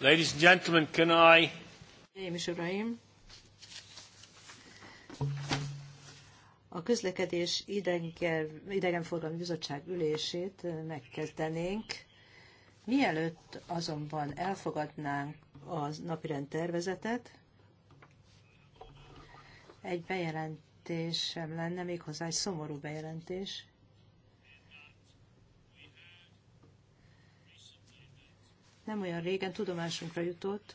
Ladies and gentlemen, can I... Én is uraim. A közlekedés idegenforgalmi bizottság ülését eh, megkezdenénk. Mielőtt azonban elfogadnánk a napirend tervezetet, egy bejelentés lenne, méghozzá egy szomorú bejelentés. nem olyan régen tudomásunkra jutott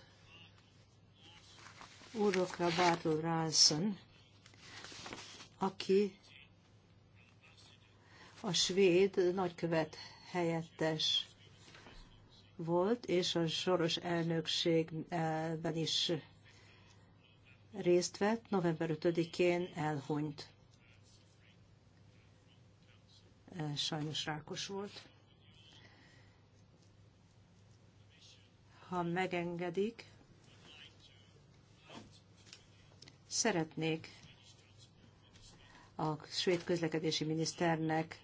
Urokra Bartle Ranson, aki a svéd nagykövet helyettes volt, és a soros elnökségben is részt vett, november 5-én elhunyt. Sajnos rákos volt. ha megengedik, szeretnék a svéd közlekedési miniszternek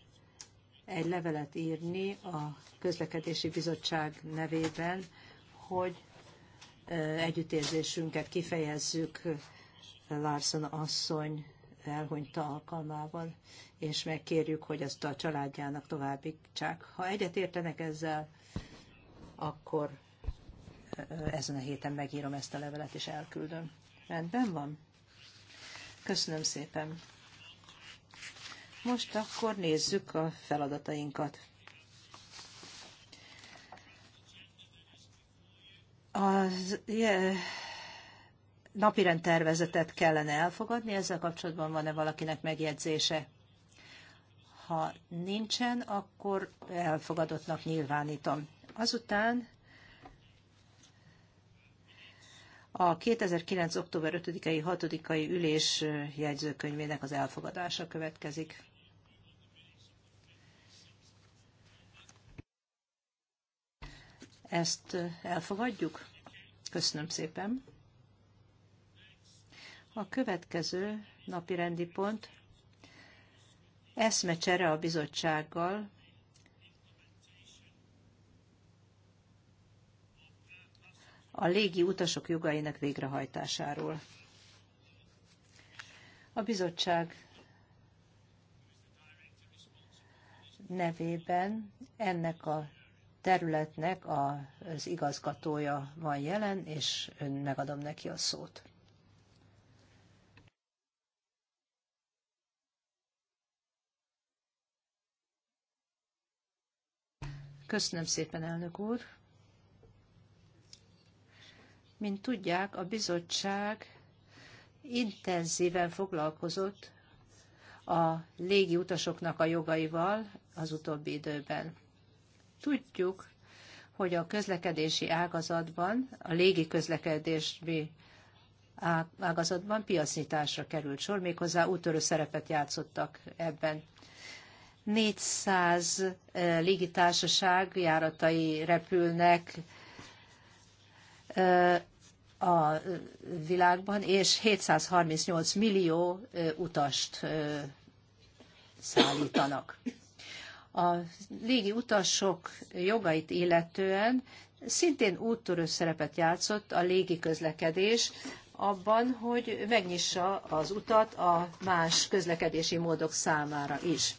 egy levelet írni a közlekedési bizottság nevében, hogy együttérzésünket kifejezzük Larson asszony elhunyta alkalmával, és megkérjük, hogy ezt a családjának továbbítsák. Ha egyet értenek ezzel, akkor ezen a héten megírom ezt a levelet és elküldöm. Rendben van? Köszönöm szépen. Most akkor nézzük a feladatainkat. A yeah, napirend tervezetet kellene elfogadni, ezzel kapcsolatban van-e valakinek megjegyzése? Ha nincsen, akkor elfogadottnak nyilvánítom. Azután a 2009. október 5-i, 6 ülés jegyzőkönyvének az elfogadása következik. Ezt elfogadjuk? Köszönöm szépen. A következő napi rendi pont eszmecsere a bizottsággal a légi utasok jogainak végrehajtásáról. A bizottság nevében ennek a területnek az igazgatója van jelen, és ön megadom neki a szót. Köszönöm szépen, elnök úr! Mint tudják, a bizottság intenzíven foglalkozott a légi utasoknak a jogaival az utóbbi időben. Tudjuk, hogy a közlekedési ágazatban, a légi közlekedési ágazatban piacnyitásra került sor, méghozzá útörő szerepet játszottak ebben. 400 e, légitársaság járatai repülnek e, a világban, és 738 millió utast szállítanak. A légi utasok jogait illetően szintén úttörő szerepet játszott a légi közlekedés abban, hogy megnyissa az utat a más közlekedési módok számára is.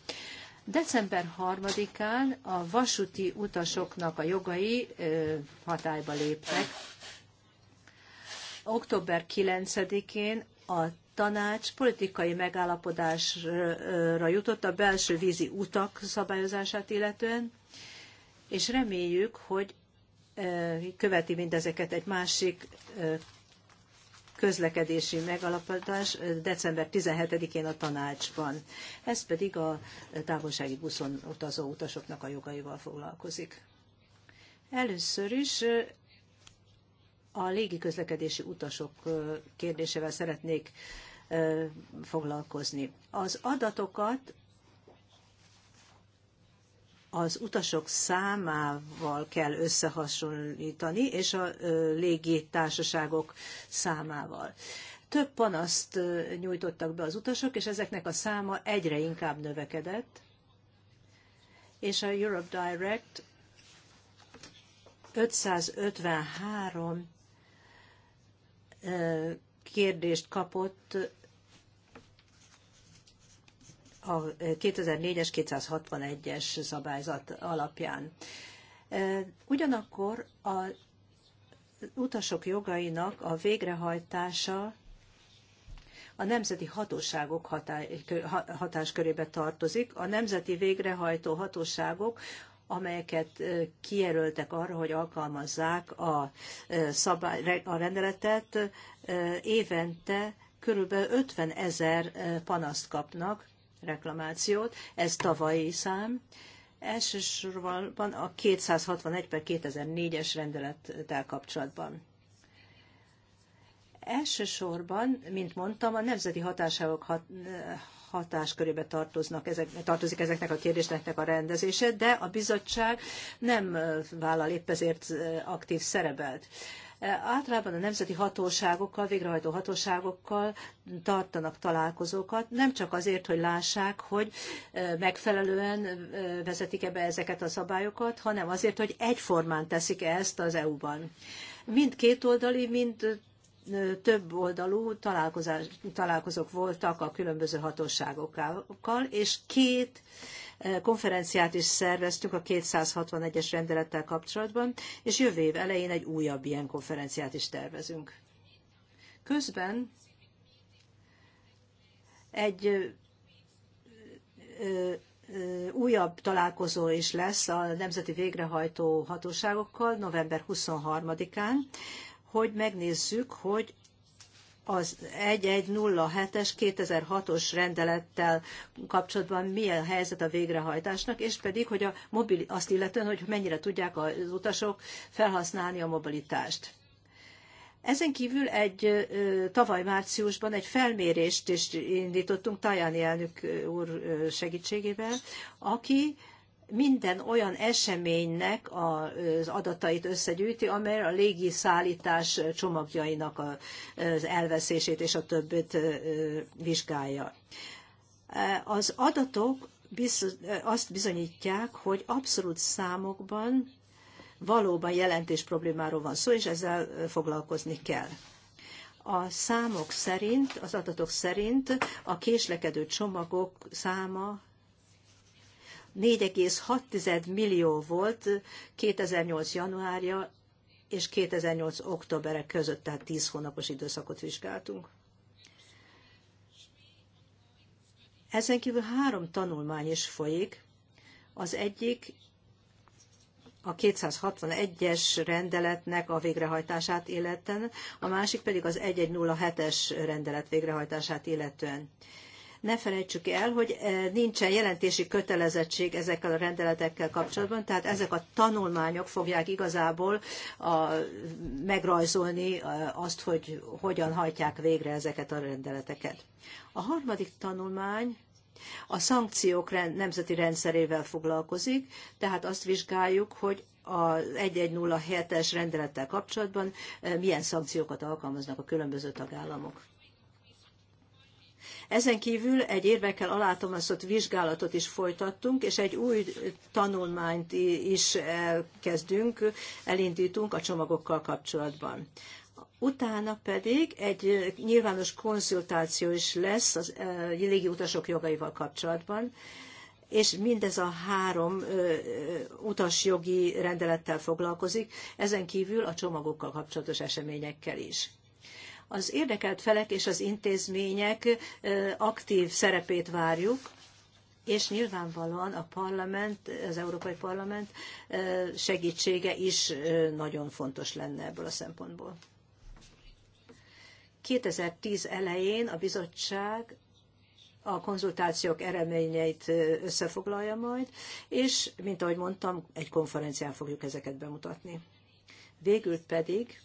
December 3-án a vasúti utasoknak a jogai hatályba léptek, október 9-én a tanács politikai megállapodásra jutott a belső vízi utak szabályozását illetően, és reméljük, hogy követi mindezeket egy másik közlekedési megalapodás december 17-én a tanácsban. Ez pedig a távolsági buszon utazó utasoknak a jogaival foglalkozik. Először is a légiközlekedési utasok kérdésével szeretnék foglalkozni. Az adatokat az utasok számával kell összehasonlítani, és a légitársaságok számával. Több panaszt nyújtottak be az utasok, és ezeknek a száma egyre inkább növekedett, és a Europe Direct 553 kérdést kapott a 2004-es 261-es szabályzat alapján. Ugyanakkor a utasok jogainak a végrehajtása a nemzeti hatóságok hatáskörébe tartozik. A nemzeti végrehajtó hatóságok amelyeket kijelöltek arra, hogy alkalmazzák a, szabály, a rendeletet, évente körülbelül 50 ezer panaszt kapnak, reklamációt, ez tavalyi szám. Elsősorban a 261 per 2004-es rendelettel kapcsolatban. Elsősorban, mint mondtam, a nemzeti hatáságok hatáskörébe tartoznak, ezek, tartozik ezeknek a kérdéseknek a rendezése, de a bizottság nem vállal épp ezért aktív szerepelt. általában a nemzeti hatóságokkal, végrehajtó hatóságokkal tartanak találkozókat, nem csak azért, hogy lássák, hogy megfelelően vezetik-e be ezeket a szabályokat, hanem azért, hogy egyformán teszik -e ezt az EU-ban. Mind kétoldali, mind több oldalú találkozók voltak a különböző hatóságokkal, és két eh, konferenciát is szerveztünk a 261-es rendelettel kapcsolatban, és jövő év elején egy újabb ilyen konferenciát is tervezünk. Közben egy eh, eh, újabb találkozó is lesz a nemzeti végrehajtó hatóságokkal november 23-án, hogy megnézzük, hogy az 1107-es 2006-os rendelettel kapcsolatban milyen helyzet a végrehajtásnak, és pedig hogy a mobil, azt illetően, hogy mennyire tudják az utasok felhasználni a mobilitást. Ezen kívül egy tavaly márciusban egy felmérést is indítottunk Tajani elnök úr segítségével, aki minden olyan eseménynek az adatait összegyűjti, amely a légiszállítás csomagjainak az elveszését és a többit vizsgálja. E, az adatok azt bizonyítják, hogy abszolút számokban valóban jelentés problémáról van szó, és ezzel foglalkozni kell. A számok szerint, az adatok szerint a késlekedő csomagok száma 4,6 millió volt 2008. januárja és 2008. októberek között, tehát 10 hónapos időszakot vizsgáltunk. Ezen kívül három tanulmány is folyik. Az egyik a 261-es rendeletnek a végrehajtását illetően, a másik pedig az 1107-es rendelet végrehajtását illetően. Ne felejtsük el, hogy eh, nincsen jelentési kötelezettség ezekkel a rendeletekkel kapcsolatban, tehát ezek a tanulmányok fogják igazából a, megrajzolni eh, azt, hogy hogyan hajtják végre ezeket a rendeleteket. A harmadik tanulmány a szankciók nemzeti rendszerével foglalkozik, tehát azt vizsgáljuk, hogy az 1107-es rendelettel kapcsolatban eh, milyen szankciókat alkalmaznak a különböző tagállamok. Ezen kívül egy érvekkel alátámasztott vizsgálatot is folytattunk, és egy új tanulmányt is kezdünk, elindítunk a csomagokkal kapcsolatban. Utána pedig egy nyilvános konzultáció is lesz a e, légiutasok jogaival kapcsolatban, és mindez a három e, utasjogi rendelettel foglalkozik, ezen kívül a csomagokkal kapcsolatos eseményekkel is. Az érdekelt felek és az intézmények aktív szerepét várjuk, és nyilvánvalóan a parlament, az Európai Parlament segítsége is nagyon fontos lenne ebből a szempontból. 2010 elején a bizottság a konzultációk eredményeit összefoglalja majd, és, mint ahogy mondtam, egy konferencián fogjuk ezeket bemutatni. Végül pedig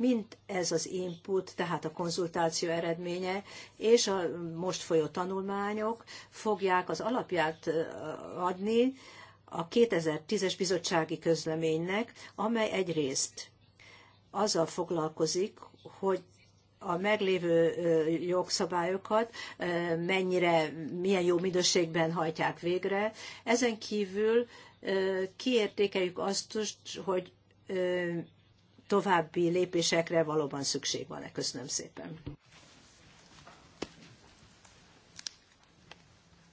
mint ez az input, tehát a konzultáció eredménye és a most folyó tanulmányok fogják az alapját adni a 2010-es bizottsági közleménynek, amely egyrészt azzal foglalkozik, hogy a meglévő jogszabályokat mennyire, milyen jó minőségben hajtják végre. Ezen kívül kiértékeljük azt, hogy további lépésekre valóban szükség van-e. Köszönöm szépen.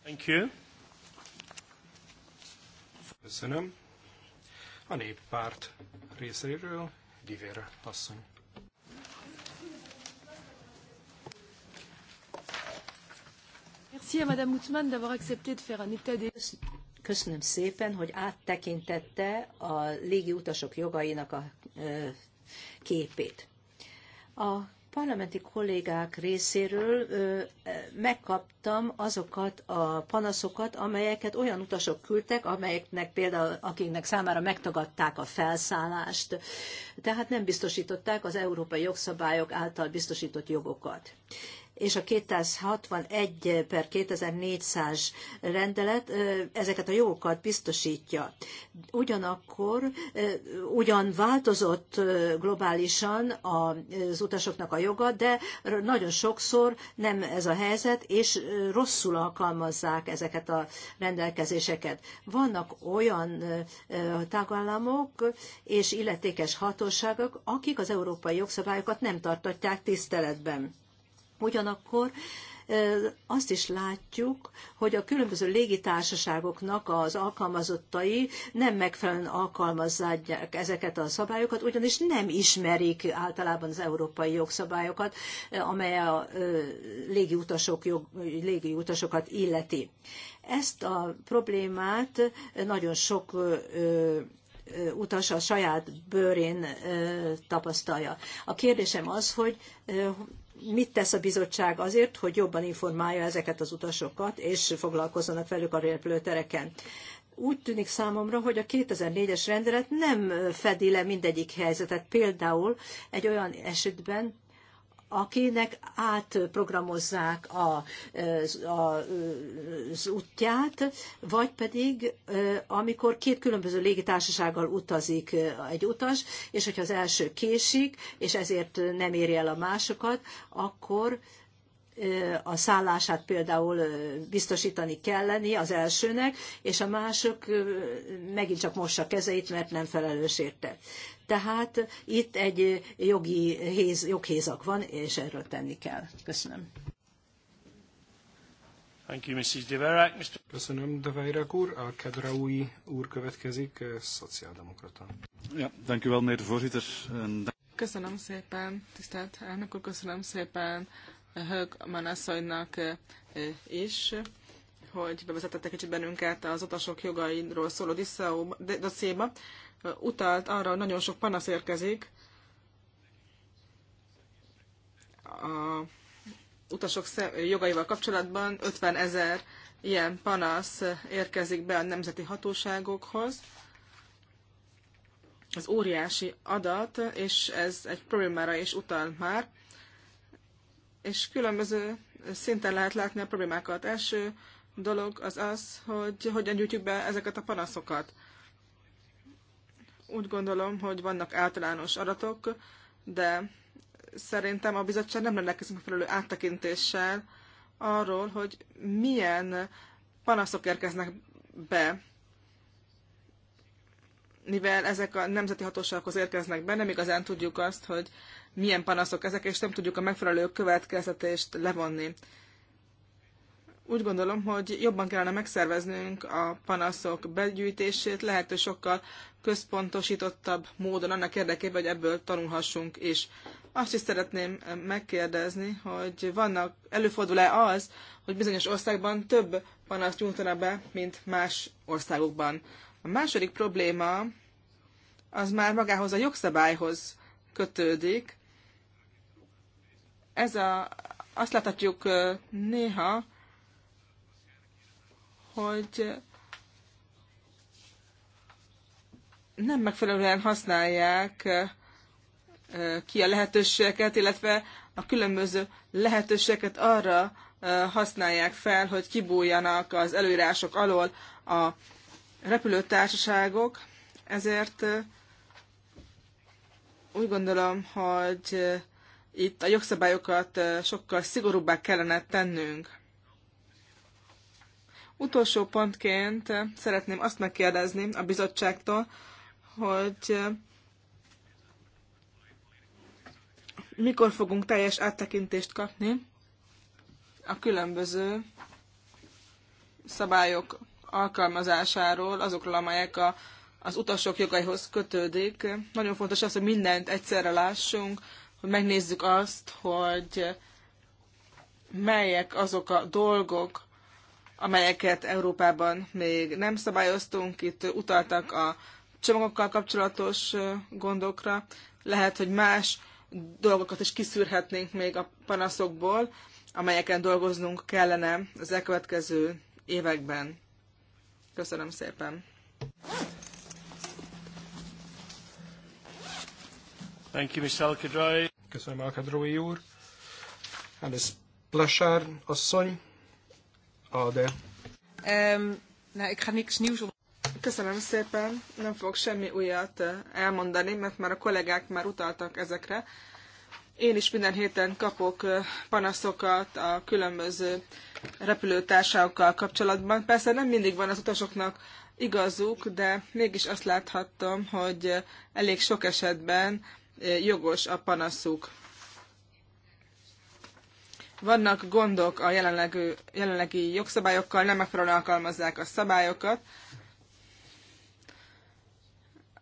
Thank you. Köszönöm. A néppárt részéről Givére asszony. Köszönöm szépen, hogy áttekintette a légi utasok jogainak a képét. A parlamenti kollégák részéről megkaptam azokat a panaszokat, amelyeket olyan utasok küldtek, amelyeknek például, akiknek számára megtagadták a felszállást, tehát nem biztosították az európai jogszabályok által biztosított jogokat és a 261 per 2400 rendelet ezeket a jogokat biztosítja. Ugyanakkor ugyan változott globálisan az utasoknak a joga, de nagyon sokszor nem ez a helyzet, és rosszul alkalmazzák ezeket a rendelkezéseket. Vannak olyan tagállamok és illetékes hatóságok, akik az európai jogszabályokat nem tartatják tiszteletben. Ugyanakkor azt is látjuk, hogy a különböző légitársaságoknak az alkalmazottai nem megfelelően alkalmazzák ezeket a szabályokat, ugyanis nem ismerik általában az európai jogszabályokat, amely a légiutasok jog, légiutasokat illeti. Ezt a problémát nagyon sok utas a saját bőrén tapasztalja. A kérdésem az, hogy mit tesz a bizottság azért, hogy jobban informálja ezeket az utasokat, és foglalkozzanak velük a repülőtereken? Úgy tűnik számomra, hogy a 2004-es rendelet nem fedi le mindegyik helyzetet. Például egy olyan esetben, akinek átprogramozzák a, az, az útját, vagy pedig amikor két különböző légitársasággal utazik egy utas, és hogyha az első késik, és ezért nem éri el a másokat, akkor a szállását például biztosítani kelleni az elsőnek, és a mások megint csak mossa kezeit, mert nem felelős érte. Tehát itt egy jogi héz, joghézak van, és erről tenni kell. Köszönöm. Thank you, Mrs. Deverak. Mr. Köszönöm, Deverak úr. A Kedraui úr következik, szociáldemokrata. Ja, dank u wel, meneer voorzitter. Köszönöm szépen, tisztelt elnök úr, köszönöm szépen Hög asszonynak is, hogy egy kicsit bennünket az utasok jogairól szóló dossziéba, utalt arra, hogy nagyon sok panasz érkezik a utasok jogaival kapcsolatban 50 ezer ilyen panasz érkezik be a nemzeti hatóságokhoz. Ez óriási adat, és ez egy problémára is utal már és különböző szinten lehet látni a problémákat. Első dolog az az, hogy hogyan gyűjtjük be ezeket a panaszokat. Úgy gondolom, hogy vannak általános adatok, de szerintem a bizottság nem rendelkezik megfelelő áttekintéssel arról, hogy milyen panaszok érkeznek be, mivel ezek a nemzeti hatóságokhoz érkeznek be, nem igazán tudjuk azt, hogy milyen panaszok ezek, és nem tudjuk a megfelelő következtetést levonni. Úgy gondolom, hogy jobban kellene megszerveznünk a panaszok begyűjtését, lehető sokkal központosítottabb módon annak érdekében, hogy ebből tanulhassunk is. Azt is szeretném megkérdezni, hogy vannak, előfordul-e az, hogy bizonyos országban több panaszt nyújtana be, mint más országokban. A második probléma az már magához a jogszabályhoz kötődik ez a, azt láthatjuk néha, hogy nem megfelelően használják ki a lehetőségeket, illetve a különböző lehetőségeket arra használják fel, hogy kibújjanak az előírások alól a repülőtársaságok, ezért úgy gondolom, hogy itt a jogszabályokat sokkal szigorúbbá kellene tennünk. Utolsó pontként szeretném azt megkérdezni a bizottságtól, hogy mikor fogunk teljes áttekintést kapni a különböző szabályok alkalmazásáról, azokról, amelyek a, az utasok jogaihoz kötődik. Nagyon fontos az, hogy mindent egyszerre lássunk, hogy megnézzük azt, hogy melyek azok a dolgok, amelyeket Európában még nem szabályoztunk. Itt utaltak a csomagokkal kapcsolatos gondokra. Lehet, hogy más dolgokat is kiszűrhetnénk még a panaszokból, amelyeken dolgoznunk kellene az elkövetkező években. Köszönöm szépen! Thank you, Mr. Cadray. Köszönöm, Alkadrói úr. Hannes Plasár asszony. Ade. Um, na, ik ga niks nieuws Köszönöm szépen, nem fogok semmi újat eh, elmondani, mert már a kollégák már utaltak ezekre. Én is minden héten kapok eh, panaszokat a különböző repülőtársakkal kapcsolatban. Persze nem mindig van az utasoknak igazuk, de mégis azt láthattam, hogy eh, elég sok esetben jogos a panaszuk. Vannak gondok a jelenlegi, jelenlegi jogszabályokkal, nem megfelelően alkalmazzák a szabályokat.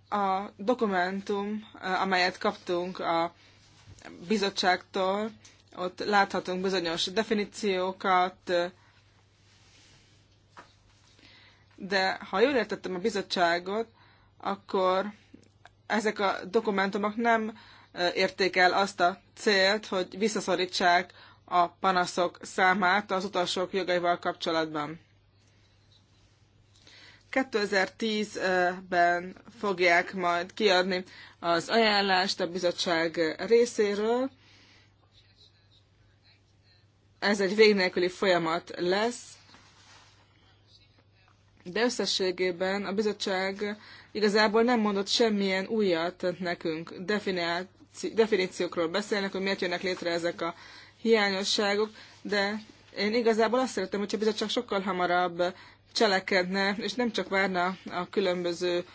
A dokumentum, amelyet kaptunk a bizottságtól, ott láthatunk bizonyos definíciókat, de ha jól értettem a bizottságot, akkor ezek a dokumentumok nem érték el azt a célt, hogy visszaszorítsák a panaszok számát az utasok jogaival kapcsolatban. 2010-ben fogják majd kiadni az ajánlást a bizottság részéről. Ez egy vég nélküli folyamat lesz, de összességében a bizottság igazából nem mondott semmilyen újat nekünk. Definíciókról beszélnek, hogy miért jönnek létre ezek a hiányosságok, de én igazából azt szeretem, hogyha a bizottság sokkal hamarabb cselekedne, és nem csak várna a különböző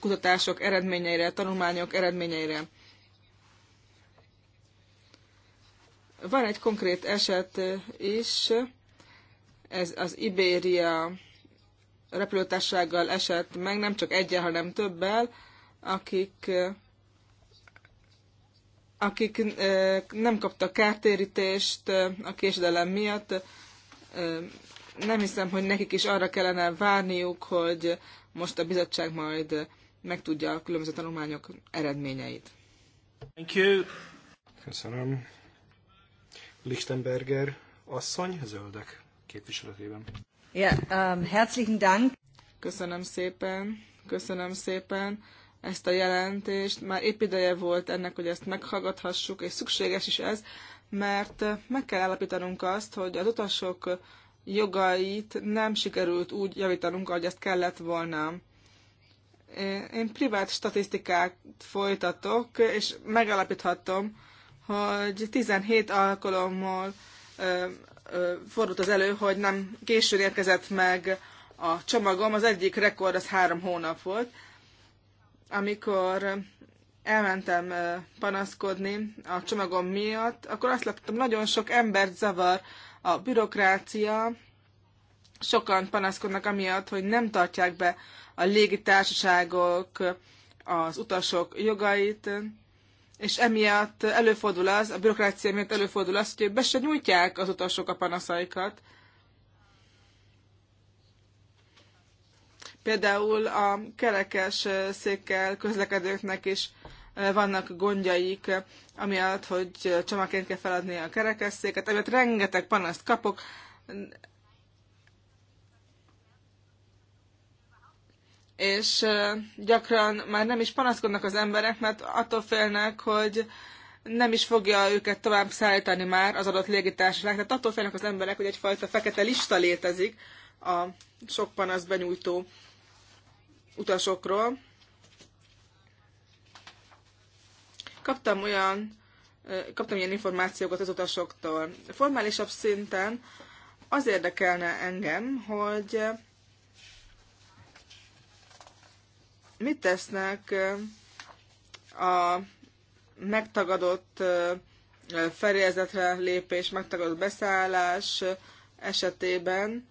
kutatások eredményeire, tanulmányok eredményeire. Van egy konkrét eset is, ez az Ibéria repülőtársággal esett meg, nem csak egyen, hanem többel, akik, akik nem kaptak kártérítést a késdelem miatt. Nem hiszem, hogy nekik is arra kellene várniuk, hogy most a bizottság majd megtudja a különböző tanulmányok eredményeit. Thank you. Köszönöm. Lichtenberger asszony, zöldek képviseletében. Ja, um, herzlichen Dank. Köszönöm szépen, köszönöm szépen ezt a jelentést. Már épp ideje volt ennek, hogy ezt meghallgathassuk, és szükséges is ez, mert meg kell állapítanunk azt, hogy az utasok jogait nem sikerült úgy javítanunk, ahogy ezt kellett volna. Én privát statisztikát folytatok, és megállapíthatom, hogy 17 alkalommal fordult az elő, hogy nem későn érkezett meg a csomagom, az egyik rekord az három hónap volt. Amikor elmentem panaszkodni a csomagom miatt, akkor azt láttam, nagyon sok embert zavar a bürokrácia, sokan panaszkodnak amiatt, hogy nem tartják be a légitársaságok az utasok jogait, és emiatt előfordul az, a bürokrácia miatt előfordul az, hogy be se nyújtják az utasok a panaszaikat. Például a kerekes székkel közlekedőknek is vannak gondjaik, amiatt, hogy csomagként kell feladni a kerekesszéket, amiatt rengeteg panaszt kapok, és gyakran már nem is panaszkodnak az emberek, mert attól félnek, hogy nem is fogja őket tovább szállítani már az adott légitársaság. Tehát attól félnek az emberek, hogy egyfajta fekete lista létezik a sok panasz benyújtó utasokról. Kaptam olyan, kaptam ilyen információkat az utasoktól. Formálisabb szinten az érdekelne engem, hogy mit tesznek a megtagadott fedélzetre lépés, megtagadott beszállás esetében,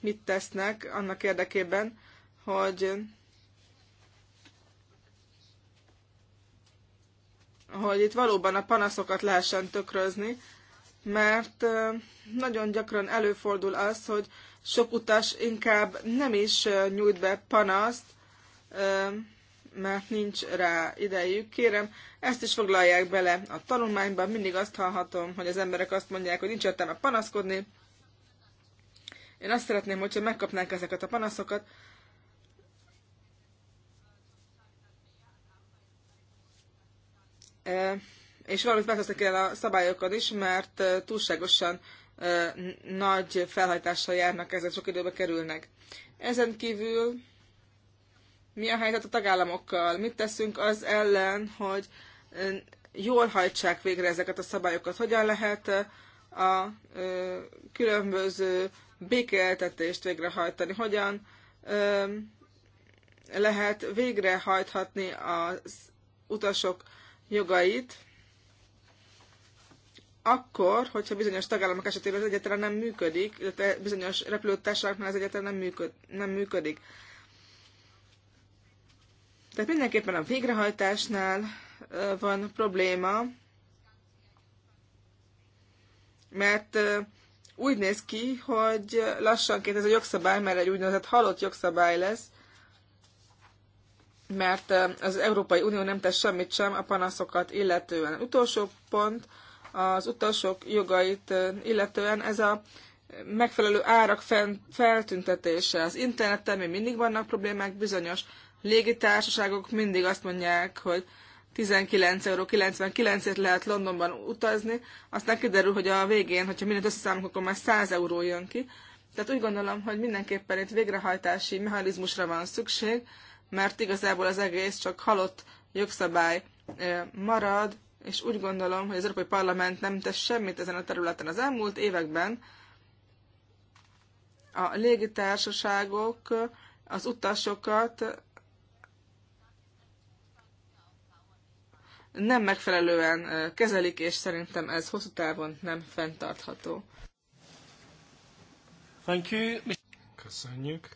mit tesznek annak érdekében, hogy hogy itt valóban a panaszokat lehessen tökrözni, mert nagyon gyakran előfordul az, hogy sok utas inkább nem is nyújt be panaszt, mert nincs rá idejük. Kérem, ezt is foglalják bele a tanulmányban. Mindig azt hallhatom, hogy az emberek azt mondják, hogy nincs értelme panaszkodni. Én azt szeretném, hogyha megkapnánk ezeket a panaszokat, és valamit változtak kell a szabályokat is, mert túlságosan nagy felhajtással járnak, ezek sok időbe kerülnek. Ezen kívül mi a helyzet a tagállamokkal? Mit teszünk az ellen, hogy jól hajtsák végre ezeket a szabályokat? Hogyan lehet a különböző békeltetést végrehajtani? Hogyan lehet végrehajthatni az utasok jogait, akkor, hogyha bizonyos tagállamok esetében ez egyetlen nem működik, illetve bizonyos repülőtársaságnál ez egyetlen nem, működ, nem működik. Tehát mindenképpen a végrehajtásnál van probléma, mert úgy néz ki, hogy lassanként ez a jogszabály, mert egy úgynevezett halott jogszabály lesz, mert az Európai Unió nem tesz semmit sem a panaszokat illetően. Utolsó pont, az utasok jogait illetően ez a megfelelő árak feltüntetése. Az interneten még mindig vannak problémák, bizonyos légitársaságok mindig azt mondják, hogy 19 euró 99 lehet Londonban utazni, aztán kiderül, hogy a végén, hogyha mindent összeszámolunk, akkor már 100 euró jön ki. Tehát úgy gondolom, hogy mindenképpen itt végrehajtási mechanizmusra van szükség, mert igazából az egész csak halott jogszabály marad, és úgy gondolom, hogy az Európai Parlament nem tesz semmit ezen a területen. Az elmúlt években a légitársaságok az utasokat nem megfelelően kezelik, és szerintem ez hosszú távon nem fenntartható. Thank you. Köszönjük.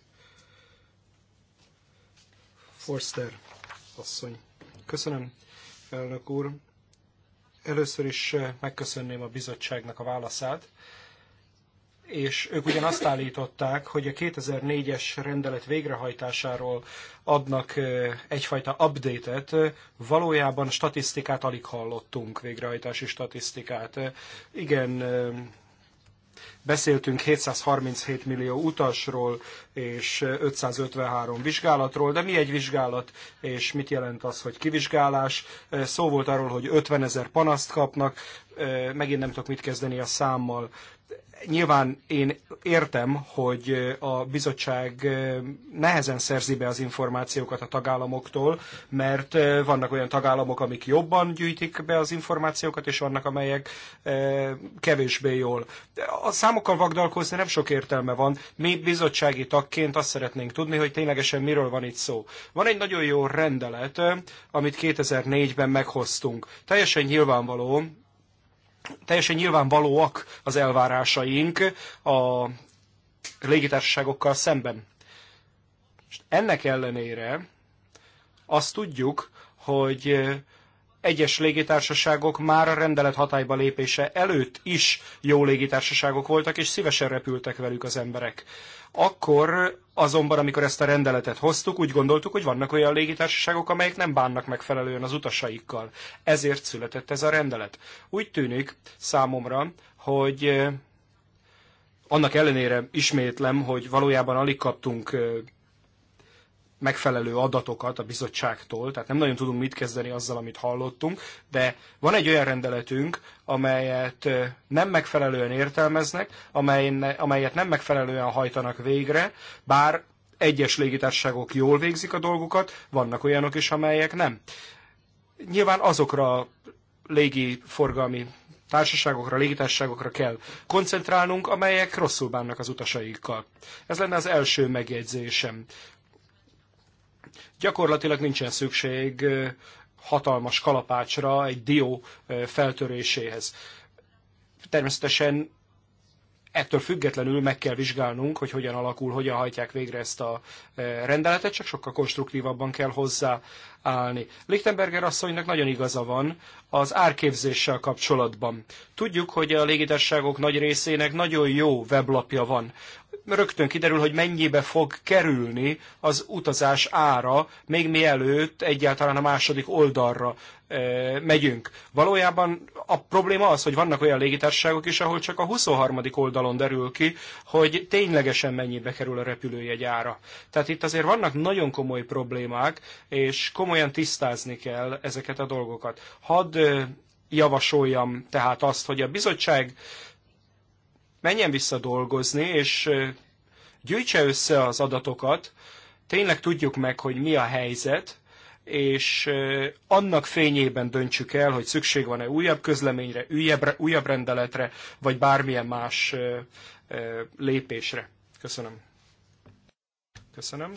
Forster asszony. Köszönöm, elnök úr. Először is megköszönném a bizottságnak a válaszát és ők ugyan azt állították, hogy a 2004-es rendelet végrehajtásáról adnak egyfajta update-et, valójában statisztikát alig hallottunk, végrehajtási statisztikát. Igen, beszéltünk 737 millió utasról és 553 vizsgálatról, de mi egy vizsgálat, és mit jelent az, hogy kivizsgálás? Szó volt arról, hogy 50 ezer panaszt kapnak, megint nem tudok mit kezdeni a számmal. Nyilván én értem, hogy a bizottság nehezen szerzi be az információkat a tagállamoktól, mert vannak olyan tagállamok, amik jobban gyűjtik be az információkat, és vannak, amelyek kevésbé jól. A számokkal vagdalkozni nem sok értelme van. Mi bizottsági tagként azt szeretnénk tudni, hogy ténylegesen miről van itt szó. Van egy nagyon jó rendelet, amit 2004-ben meghoztunk. Teljesen nyilvánvaló, teljesen nyilvánvalóak az elvárásaink a légitársaságokkal szemben. És ennek ellenére azt tudjuk, hogy egyes légitársaságok már a rendelet hatályba lépése előtt is jó légitársaságok voltak, és szívesen repültek velük az emberek. Akkor Azonban, amikor ezt a rendeletet hoztuk, úgy gondoltuk, hogy vannak olyan légitársaságok, amelyek nem bánnak megfelelően az utasaikkal. Ezért született ez a rendelet. Úgy tűnik számomra, hogy eh, annak ellenére ismétlem, hogy valójában alig kaptunk eh, megfelelő adatokat a bizottságtól, tehát nem nagyon tudunk mit kezdeni azzal, amit hallottunk, de van egy olyan rendeletünk, amelyet nem megfelelően értelmeznek, amelyet nem megfelelően hajtanak végre, bár egyes légitársaságok jól végzik a dolgukat, vannak olyanok is, amelyek nem. Nyilván azokra a légiforgalmi társaságokra, légitársaságokra kell koncentrálnunk, amelyek rosszul bánnak az utasaikkal. Ez lenne az első megjegyzésem. Gyakorlatilag nincsen szükség hatalmas kalapácsra egy dió feltöréséhez. Természetesen ettől függetlenül meg kell vizsgálnunk, hogy hogyan alakul, hogyan hajtják végre ezt a rendeletet, csak sokkal konstruktívabban kell hozzáállni. Lichtenberger asszonynak nagyon igaza van az árképzéssel kapcsolatban. Tudjuk, hogy a légitárságok nagy részének nagyon jó weblapja van rögtön kiderül, hogy mennyibe fog kerülni az utazás ára, még mielőtt egyáltalán a második oldalra e, megyünk. Valójában a probléma az, hogy vannak olyan légitársaságok is, ahol csak a 23. oldalon derül ki, hogy ténylegesen mennyibe kerül a repülőjegy ára. Tehát itt azért vannak nagyon komoly problémák, és komolyan tisztázni kell ezeket a dolgokat. Hadd e, javasoljam tehát azt, hogy a bizottság menjen vissza dolgozni, és gyűjtse össze az adatokat, tényleg tudjuk meg, hogy mi a helyzet, és annak fényében döntsük el, hogy szükség van-e újabb közleményre, újabb, rendeletre, vagy bármilyen más lépésre. Köszönöm. Köszönöm.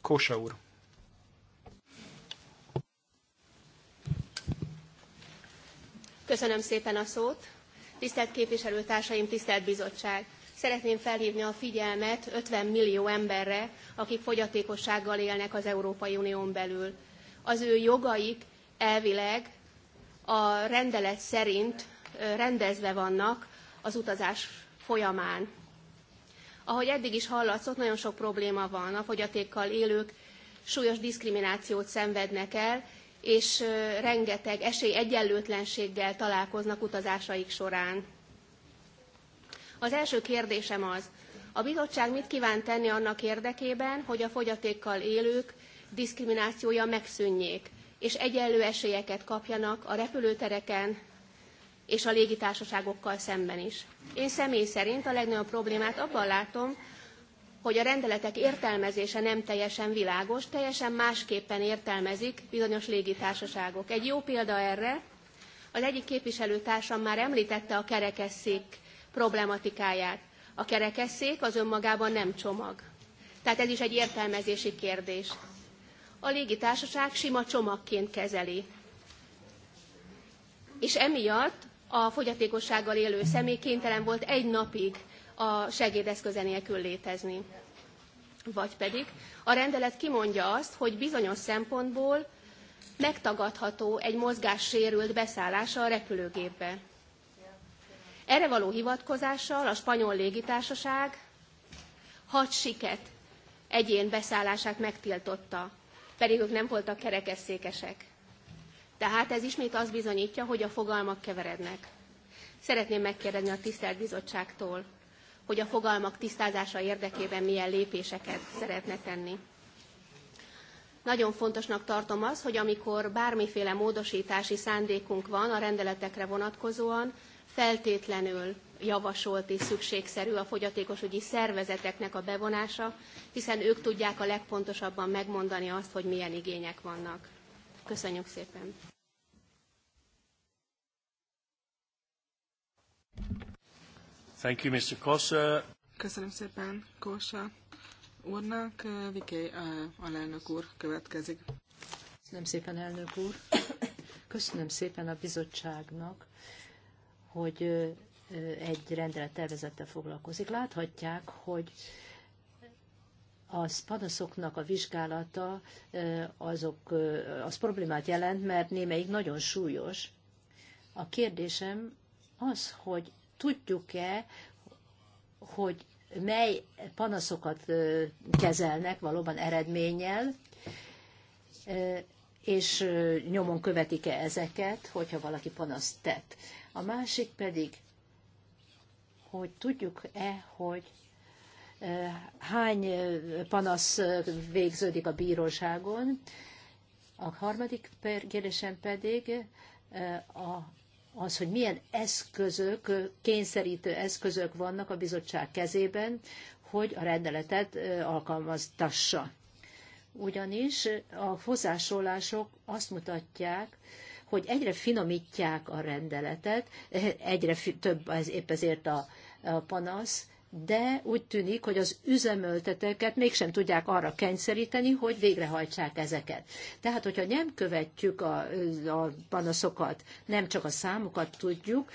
Kósa úr. Köszönöm szépen a szót. Tisztelt képviselőtársaim, tisztelt bizottság! Szeretném felhívni a figyelmet 50 millió emberre, akik fogyatékossággal élnek az Európai Unión belül. Az ő jogaik elvileg a rendelet szerint rendezve vannak az utazás folyamán. Ahogy eddig is hallatszott, nagyon sok probléma van. A fogyatékkal élők súlyos diszkriminációt szenvednek el, és rengeteg esélyegyenlőtlenséggel találkoznak utazásaik során. Az első kérdésem az, a bizottság mit kíván tenni annak érdekében, hogy a fogyatékkal élők diszkriminációja megszűnjék, és egyenlő esélyeket kapjanak a repülőtereken és a légitársaságokkal szemben is. Én személy szerint a legnagyobb problémát abban látom, hogy a rendeletek értelmezése nem teljesen világos, teljesen másképpen értelmezik bizonyos légitársaságok. Egy jó példa erre, az egyik képviselőtársam már említette a kerekesszék problematikáját. A kerekesszék az önmagában nem csomag. Tehát ez is egy értelmezési kérdés. A légitársaság sima csomagként kezeli. És emiatt a fogyatékossággal élő személy kénytelen volt egy napig a segédeszköze nélkül létezni. Vagy pedig a rendelet kimondja azt, hogy bizonyos szempontból megtagadható egy mozgássérült beszállása a repülőgépbe. Erre való hivatkozással a spanyol légitársaság hat siket egyén beszállását megtiltotta, pedig ők nem voltak kerekesszékesek. Tehát ez ismét azt bizonyítja, hogy a fogalmak keverednek. Szeretném megkérdezni a tisztelt bizottságtól, hogy a fogalmak tisztázása érdekében milyen lépéseket szeretne tenni. Nagyon fontosnak tartom az, hogy amikor bármiféle módosítási szándékunk van a rendeletekre vonatkozóan, feltétlenül javasolt és szükségszerű a fogyatékosügyi szervezeteknek a bevonása, hiszen ők tudják a legpontosabban megmondani azt, hogy milyen igények vannak. Köszönjük szépen! Thank you, Mr. Kossa. Köszönöm szépen Kossa úrnak. Viké alelnök úr következik. Köszönöm szépen, elnök úr. Köszönöm szépen a bizottságnak, hogy egy rendelet tervezettel foglalkozik. Láthatják, hogy az panaszoknak a vizsgálata azok, az problémát jelent, mert némelyik nagyon súlyos. A kérdésem az, hogy tudjuk-e, hogy mely panaszokat kezelnek valóban eredménnyel, és nyomon követik-e ezeket, hogyha valaki panaszt tett. A másik pedig, hogy tudjuk-e, hogy hány panasz végződik a bíróságon. A harmadik kérdésem pedig a az, hogy milyen eszközök, kényszerítő eszközök vannak a bizottság kezében, hogy a rendeletet alkalmaztassa. Ugyanis a hozzászólások azt mutatják, hogy egyre finomítják a rendeletet, egyre több ez épp ezért a panasz, de úgy tűnik, hogy az üzemöltetőket mégsem tudják arra kényszeríteni, hogy végrehajtsák ezeket. Tehát, hogyha nem követjük a, a panaszokat, nem csak a számokat tudjuk,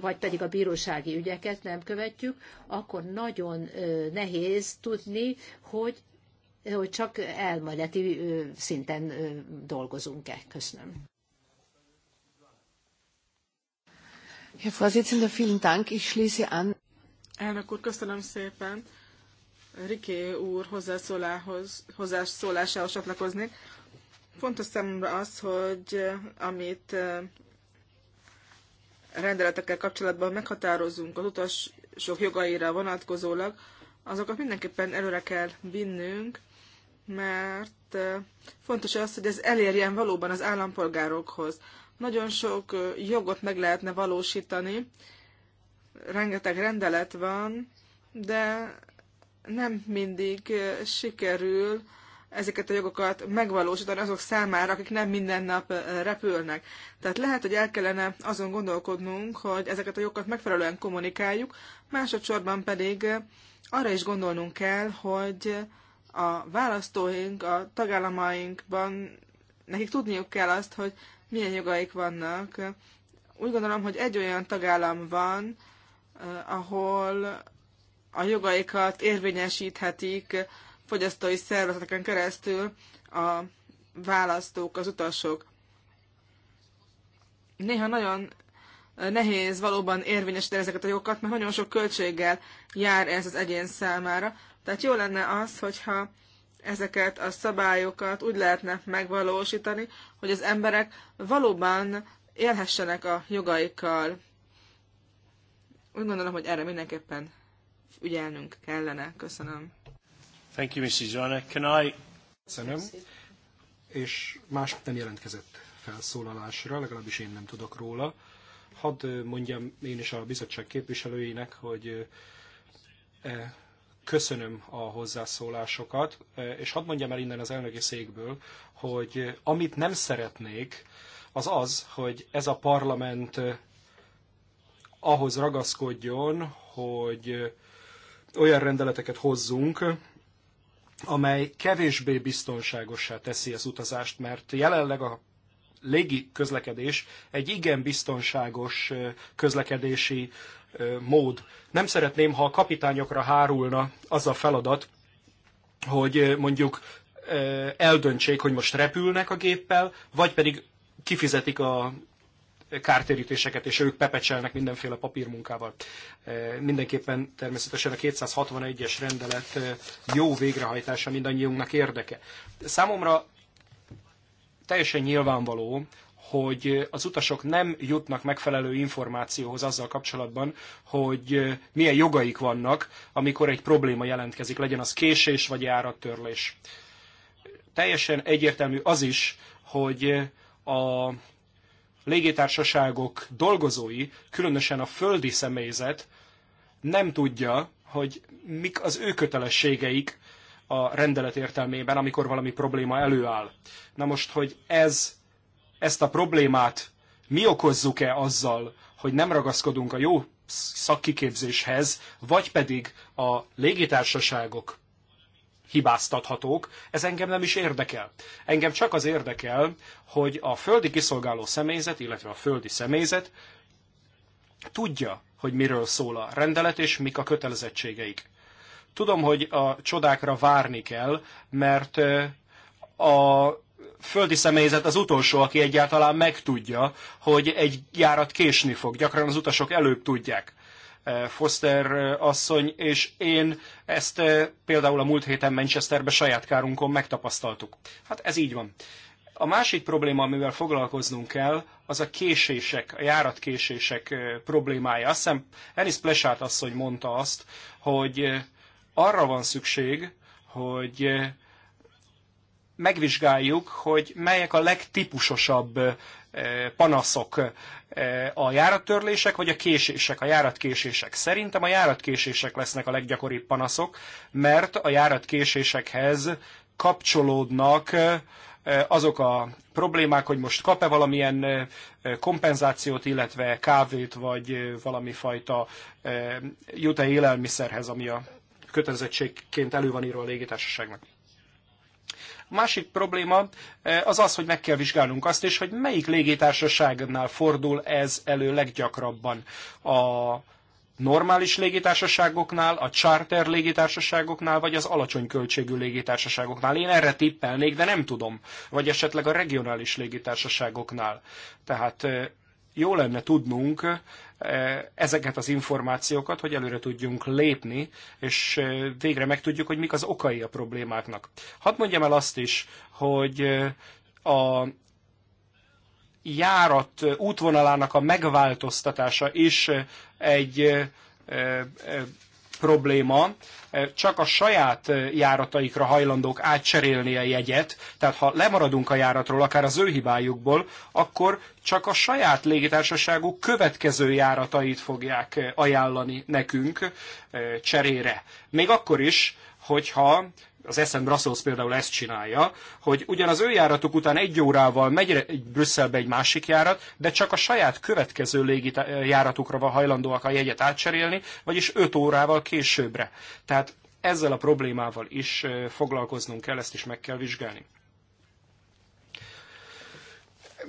vagy pedig a bírósági ügyeket nem követjük, akkor nagyon nehéz tudni, hogy hogy csak elméleti szinten dolgozunk-e. Köszönöm. Herr Vorsitzender, vielen Dank. Ich schließe an. Elnök úr, köszönöm szépen. Riké úr hozzászólásához csatlakoznék. Fontos számomra az, hogy eh, amit eh, rendeletekkel kapcsolatban meghatározunk az utasok jogaira vonatkozólag, azokat mindenképpen előre kell vinnünk, mert eh, fontos az, hogy ez elérjen valóban az állampolgárokhoz. Nagyon sok jogot meg lehetne valósítani, rengeteg rendelet van, de nem mindig eh, sikerül ezeket a jogokat megvalósítani azok számára, akik nem minden nap eh, repülnek. Tehát lehet, hogy el kellene azon gondolkodnunk, hogy ezeket a jogokat megfelelően kommunikáljuk, másodszorban pedig eh, arra is gondolnunk kell, hogy a választóink, a tagállamainkban nekik tudniuk kell azt, hogy milyen jogaik vannak. Úgy gondolom, hogy egy olyan tagállam van, Eh, ahol a jogaikat érvényesíthetik fogyasztói szervezeteken keresztül a választók, az utasok. Néha nagyon eh, nehéz valóban érvényesíteni ezeket a jogokat, mert nagyon sok költséggel jár ez az egyén számára. Tehát jó lenne az, hogyha ezeket a szabályokat úgy lehetne megvalósítani, hogy az emberek valóban élhessenek a jogaikkal. Úgy gondolom, hogy erre mindenképpen ügyelnünk kellene. Köszönöm. Thank you, Mrs. Zana. Can I... Köszönöm. És más nem jelentkezett felszólalásra, legalábbis én nem tudok róla. Hadd mondjam én is a bizottság képviselőinek, hogy e, köszönöm a hozzászólásokat, és hadd mondjam el innen az elnöki székből, hogy amit nem szeretnék, az az, hogy ez a parlament ahhoz ragaszkodjon, hogy olyan rendeleteket hozzunk, amely kevésbé biztonságosá teszi az utazást, mert jelenleg a légi közlekedés egy igen biztonságos közlekedési mód. Nem szeretném, ha a kapitányokra hárulna az a feladat, hogy mondjuk eldöntsék, hogy most repülnek a géppel, vagy pedig kifizetik a kártérítéseket, és ők pepecselnek mindenféle papírmunkával. E, mindenképpen természetesen a 261-es rendelet e, jó végrehajtása mindannyiunknak érdeke. Számomra teljesen nyilvánvaló, hogy az utasok nem jutnak megfelelő információhoz azzal kapcsolatban, hogy e, milyen jogaik vannak, amikor egy probléma jelentkezik, legyen az késés vagy árattörlés. Teljesen egyértelmű az is, hogy a légitársaságok dolgozói, különösen a földi személyzet nem tudja, hogy mik az ő kötelességeik a rendelet értelmében, amikor valami probléma előáll. Na most, hogy ez, ezt a problémát mi okozzuk-e azzal, hogy nem ragaszkodunk a jó szakkiképzéshez, vagy pedig a légitársaságok hibáztathatók, ez engem nem is érdekel. Engem csak az érdekel, hogy a földi kiszolgáló személyzet, illetve a földi személyzet tudja, hogy miről szól a rendelet és mik a kötelezettségeik. Tudom, hogy a csodákra várni kell, mert a földi személyzet az utolsó, aki egyáltalán megtudja, hogy egy járat késni fog. Gyakran az utasok előbb tudják. Eh, Foster eh, asszony, és én ezt eh, például a múlt héten Manchesterbe saját kárunkon megtapasztaltuk. Hát ez így van. A másik probléma, amivel foglalkoznunk kell, az a késések, a járatkésések problémája. Azt hiszem, Ennis Plesát asszony mondta azt, hogy arra van szükség, hogy megvizsgáljuk, hogy melyek a legtípusosabb E, panaszok e, a járattörlések, vagy a késések, a járatkésések. Szerintem a járatkésések lesznek a leggyakoribb panaszok, mert a járatkésésekhez kapcsolódnak e, azok a problémák, hogy most kap-e valamilyen kompenzációt, illetve kávét, vagy valami fajta jut-e élelmiszerhez, ami a kötelezettségként elő van írva a légitársaságnak másik probléma eh, az az, hogy meg kell vizsgálnunk azt is, hogy melyik légitársaságnál fordul ez elő leggyakrabban. A normális légitársaságoknál, a charter légitársaságoknál, vagy az alacsony költségű légitársaságoknál. Én erre tippelnék, de nem tudom. Vagy esetleg a regionális légitársaságoknál. Tehát eh, jó lenne tudnunk, Eh, ezeket az információkat, hogy előre tudjunk lépni, és eh, végre megtudjuk, hogy mik az okai a problémáknak. Hadd mondjam el azt is, hogy eh, a járat útvonalának a megváltoztatása is egy probléma, eh, csak a saját eh, járataikra hajlandók átcserélni a jegyet, tehát ha lemaradunk a járatról, akár az ő hibájukból, akkor csak a saját légitársaságuk következő járatait fogják eh, ajánlani nekünk cserére. Még akkor is, hogyha az SM Brussels például ezt csinálja, hogy ugyan az ő járatuk után egy órával megy Brüsszelbe egy másik járat, de csak a saját következő járatukra van hajlandóak a jegyet átcserélni, vagyis 5 órával későbbre. Tehát ezzel a problémával is foglalkoznunk kell, ezt is meg kell vizsgálni.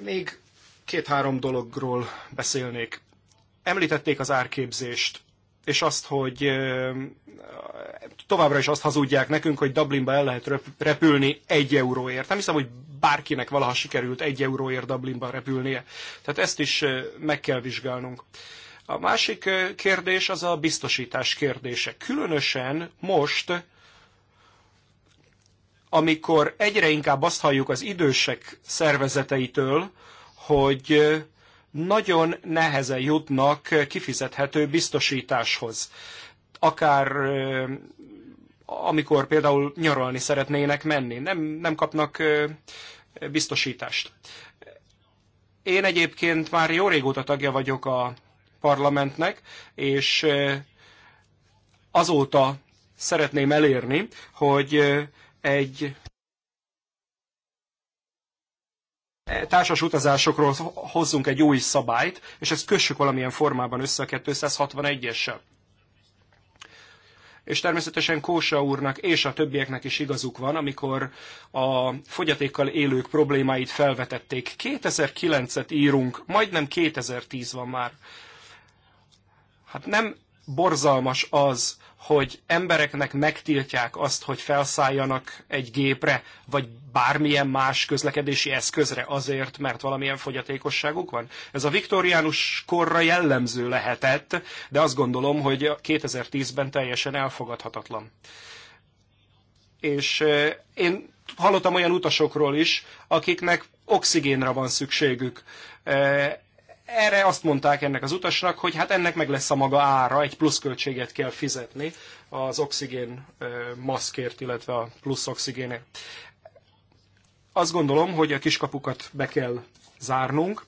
Még két-három dologról beszélnék. Említették az árképzést és azt, hogy továbbra is azt hazudják nekünk, hogy Dublinba el lehet repülni egy euróért. Nem hiszem, hogy bárkinek valaha sikerült egy euróért Dublinba repülnie. Tehát ezt is meg kell vizsgálnunk. A másik kérdés az a biztosítás kérdése. Különösen most, amikor egyre inkább azt halljuk az idősek szervezeteitől, hogy nagyon nehezen jutnak kifizethető biztosításhoz. Akár amikor például nyaralni szeretnének menni, nem, nem kapnak biztosítást. Én egyébként már jó régóta tagja vagyok a parlamentnek, és azóta szeretném elérni, hogy egy társas utazásokról hozzunk egy új szabályt, és ezt kössük valamilyen formában össze a 261-essel. És természetesen Kósa úrnak és a többieknek is igazuk van, amikor a fogyatékkal élők problémáit felvetették. 2009-et írunk, majdnem 2010 van már. Hát nem borzalmas az, hogy embereknek megtiltják azt, hogy felszálljanak egy gépre, vagy bármilyen más közlekedési eszközre azért, mert valamilyen fogyatékosságuk van. Ez a viktoriánus korra jellemző lehetett, de azt gondolom, hogy 2010-ben teljesen elfogadhatatlan. És én hallottam olyan utasokról is, akiknek oxigénre van szükségük erre azt mondták ennek az utasnak, hogy hát ennek meg lesz a maga ára, egy pluszköltséget kell fizetni az oxigén maszkért, illetve a plusz oxigénért. Azt gondolom, hogy a kiskapukat be kell zárnunk.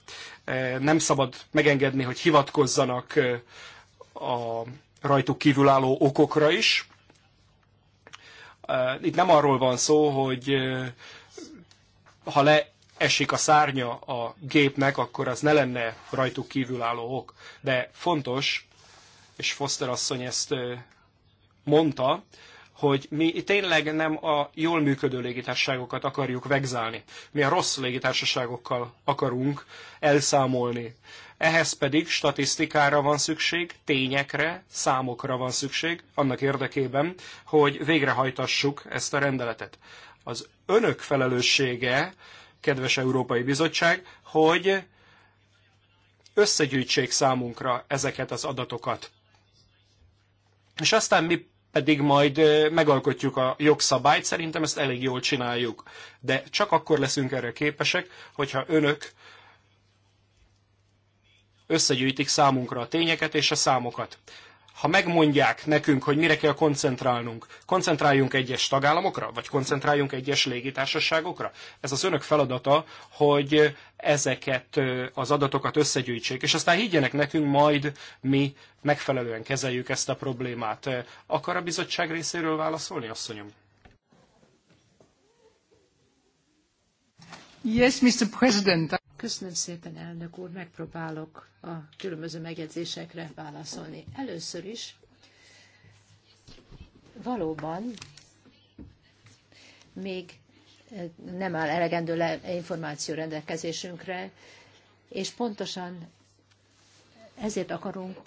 Nem szabad megengedni, hogy hivatkozzanak a rajtuk kívülálló okokra is. Itt nem arról van szó, hogy ha le esik a szárnya a gépnek, akkor az ne lenne rajtuk kívülálló ok. De fontos, és Foster asszony ezt mondta, hogy mi tényleg nem a jól működő légitársaságokat akarjuk vegzálni. Mi a rossz légitársaságokkal akarunk elszámolni. Ehhez pedig statisztikára van szükség, tényekre, számokra van szükség, annak érdekében, hogy végrehajtassuk ezt a rendeletet. Az önök felelőssége, kedves Európai Bizottság, hogy összegyűjtsék számunkra ezeket az adatokat. És aztán mi pedig majd megalkotjuk a jogszabályt, szerintem ezt elég jól csináljuk. De csak akkor leszünk erre képesek, hogyha önök összegyűjtik számunkra a tényeket és a számokat ha megmondják nekünk, hogy mire kell koncentrálnunk, koncentráljunk egyes tagállamokra, vagy koncentráljunk egyes légitársaságokra? Ez az önök feladata, hogy ezeket az adatokat összegyűjtsék, és aztán higgyenek nekünk, majd mi megfelelően kezeljük ezt a problémát. Akar a bizottság részéről válaszolni, asszonyom? Yes, Mr. President. Köszönöm szépen, elnök úr, megpróbálok a különböző megjegyzésekre válaszolni. Először is valóban még eh, nem áll elegendő le információ rendelkezésünkre, és pontosan ezért akarunk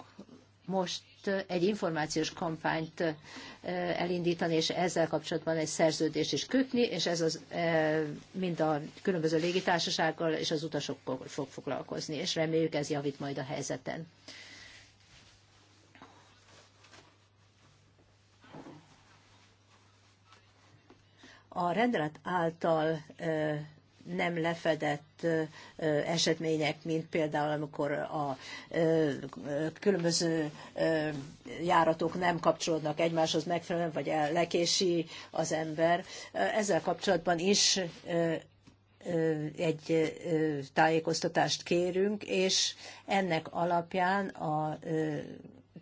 most egy információs kampányt elindítani, és ezzel kapcsolatban egy szerződést is kötni, és ez az, mind a különböző légitársasággal és az utasokkal fog foglalkozni, és reméljük ez javít majd a helyzeten. A rendelet által nem lefedett események, mint például amikor a különböző járatok nem kapcsolódnak egymáshoz megfelelően, vagy lekési az ember. Ezzel kapcsolatban is egy tájékoztatást kérünk, és ennek alapján a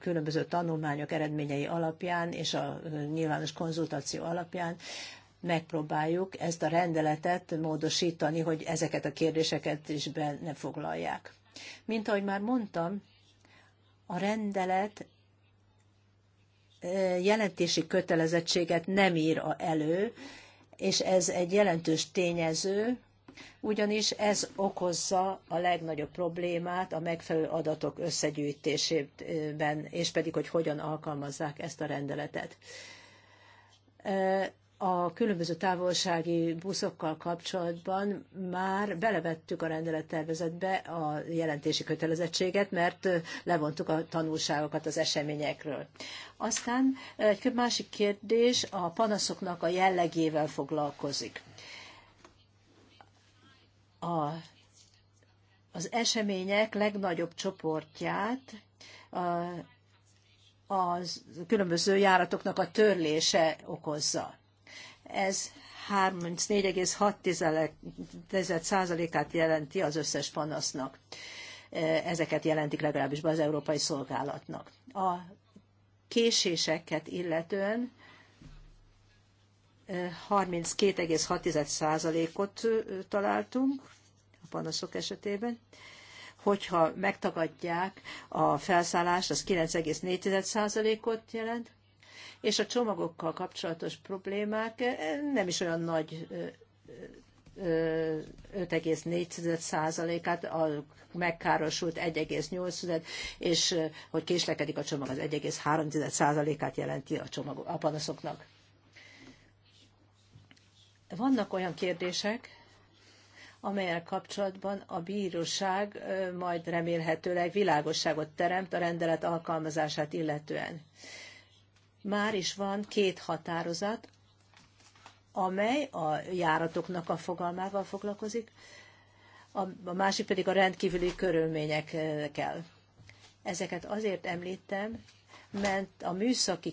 különböző tanulmányok eredményei alapján és a nyilvános konzultáció alapján megpróbáljuk ezt a rendeletet módosítani, hogy ezeket a kérdéseket is benne foglalják. Mint ahogy már mondtam, a rendelet jelentési kötelezettséget nem ír elő, és ez egy jelentős tényező, ugyanis ez okozza a legnagyobb problémát a megfelelő adatok összegyűjtésében, és pedig, hogy hogyan alkalmazzák ezt a rendeletet a különböző távolsági buszokkal kapcsolatban már belevettük a rendelettervezetbe a jelentési kötelezettséget, mert levontuk a tanulságokat az eseményekről. Aztán egy másik kérdés a panaszoknak a jellegével foglalkozik. A, az események legnagyobb csoportját a, a különböző járatoknak a törlése okozza ez 346 százalékát jelenti az összes panasznak. E, ezeket jelentik legalábbis be az Európai Szolgálatnak. A késéseket illetően 32,6%-ot e, találtunk a panaszok esetében. Hogyha megtagadják a felszállást, az 9,4%-ot jelent, és a csomagokkal kapcsolatos problémák eh, nem is olyan nagy 5,4%-át, eh, eh, a megkárosult 1,8%, és hogy késlekedik a csomag, az 1,3%-át jelenti a, csomag, a panaszoknak. Vannak olyan kérdések, amelyel kapcsolatban a bíróság majd remélhetőleg világosságot teremt a rendelet alkalmazását illetően már is van két határozat, amely a járatoknak a fogalmával foglalkozik, a másik pedig a rendkívüli körülményekkel. Ezeket azért említem, mert a műszaki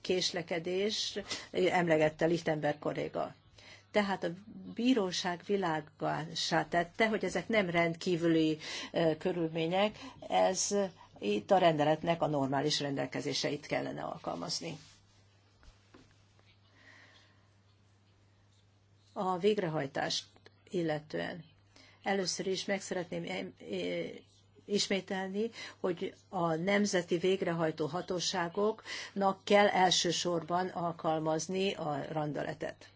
késlekedés emlegette Lichtenberg kolléga. Tehát a bíróság világgásá tette, hogy ezek nem rendkívüli körülmények, ez itt a rendeletnek a normális rendelkezéseit kellene alkalmazni. A végrehajtást illetően először is meg szeretném ismételni, hogy a nemzeti végrehajtó hatóságoknak kell elsősorban alkalmazni a rendeletet.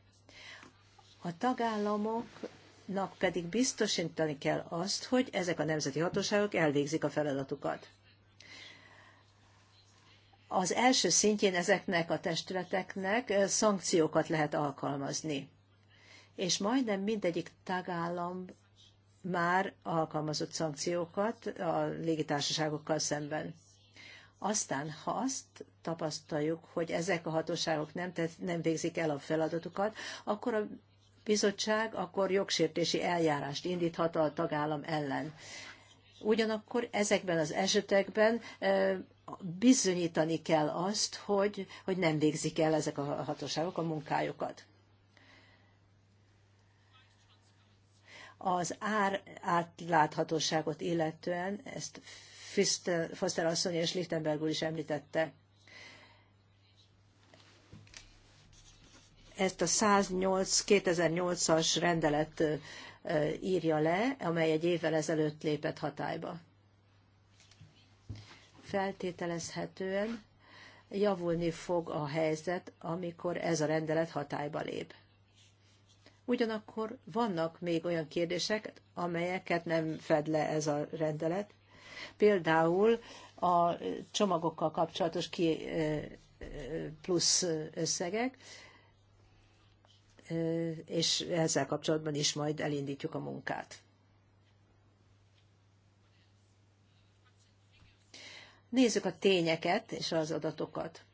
A tagállamoknak pedig biztosítani kell azt, hogy ezek a nemzeti hatóságok elvégzik a feladatukat az első szintjén ezeknek a testületeknek szankciókat lehet alkalmazni. És majdnem mindegyik tagállam már alkalmazott szankciókat a légitársaságokkal szemben. Aztán, ha azt tapasztaljuk, hogy ezek a hatóságok nem, tett, nem végzik el a feladatukat, akkor a bizottság akkor jogsértési eljárást indíthat a tagállam ellen. Ugyanakkor ezekben az esetekben bizonyítani kell azt, hogy, hogy nem végzik el ezek a hatóságok a munkájukat. Az ár átláthatóságot illetően, ezt Foster asszony és Lichtenberg úr is említette, ezt a 108 2008-as rendelet írja le, amely egy évvel ezelőtt lépett hatályba. Feltételezhetően javulni fog a helyzet, amikor ez a rendelet hatályba lép. Ugyanakkor vannak még olyan kérdések, amelyeket nem fed le ez a rendelet. Például a csomagokkal kapcsolatos ki plusz összegek, és ezzel kapcsolatban is majd elindítjuk a munkát. Nézzük a tényeket és az adatokat.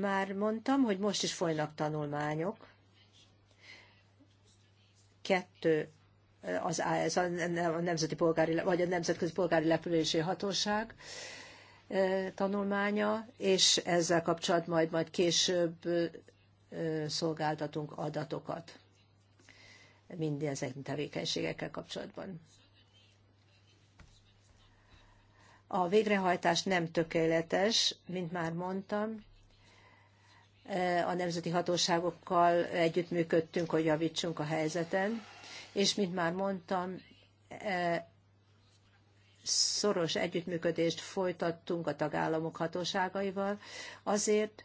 Már mondtam, hogy most is folynak tanulmányok. Kettő az, az a Nemzeti Polgári, vagy a Nemzetközi Polgári Lepülési Hatóság tanulmánya, és ezzel kapcsolatban majd, majd később szolgáltatunk adatokat minden ezek tevékenységekkel kapcsolatban. A végrehajtás nem tökéletes, mint már mondtam. A nemzeti hatóságokkal együttműködtünk, hogy javítsunk a helyzeten, és mint már mondtam, szoros együttműködést folytattunk a tagállamok hatóságaival azért,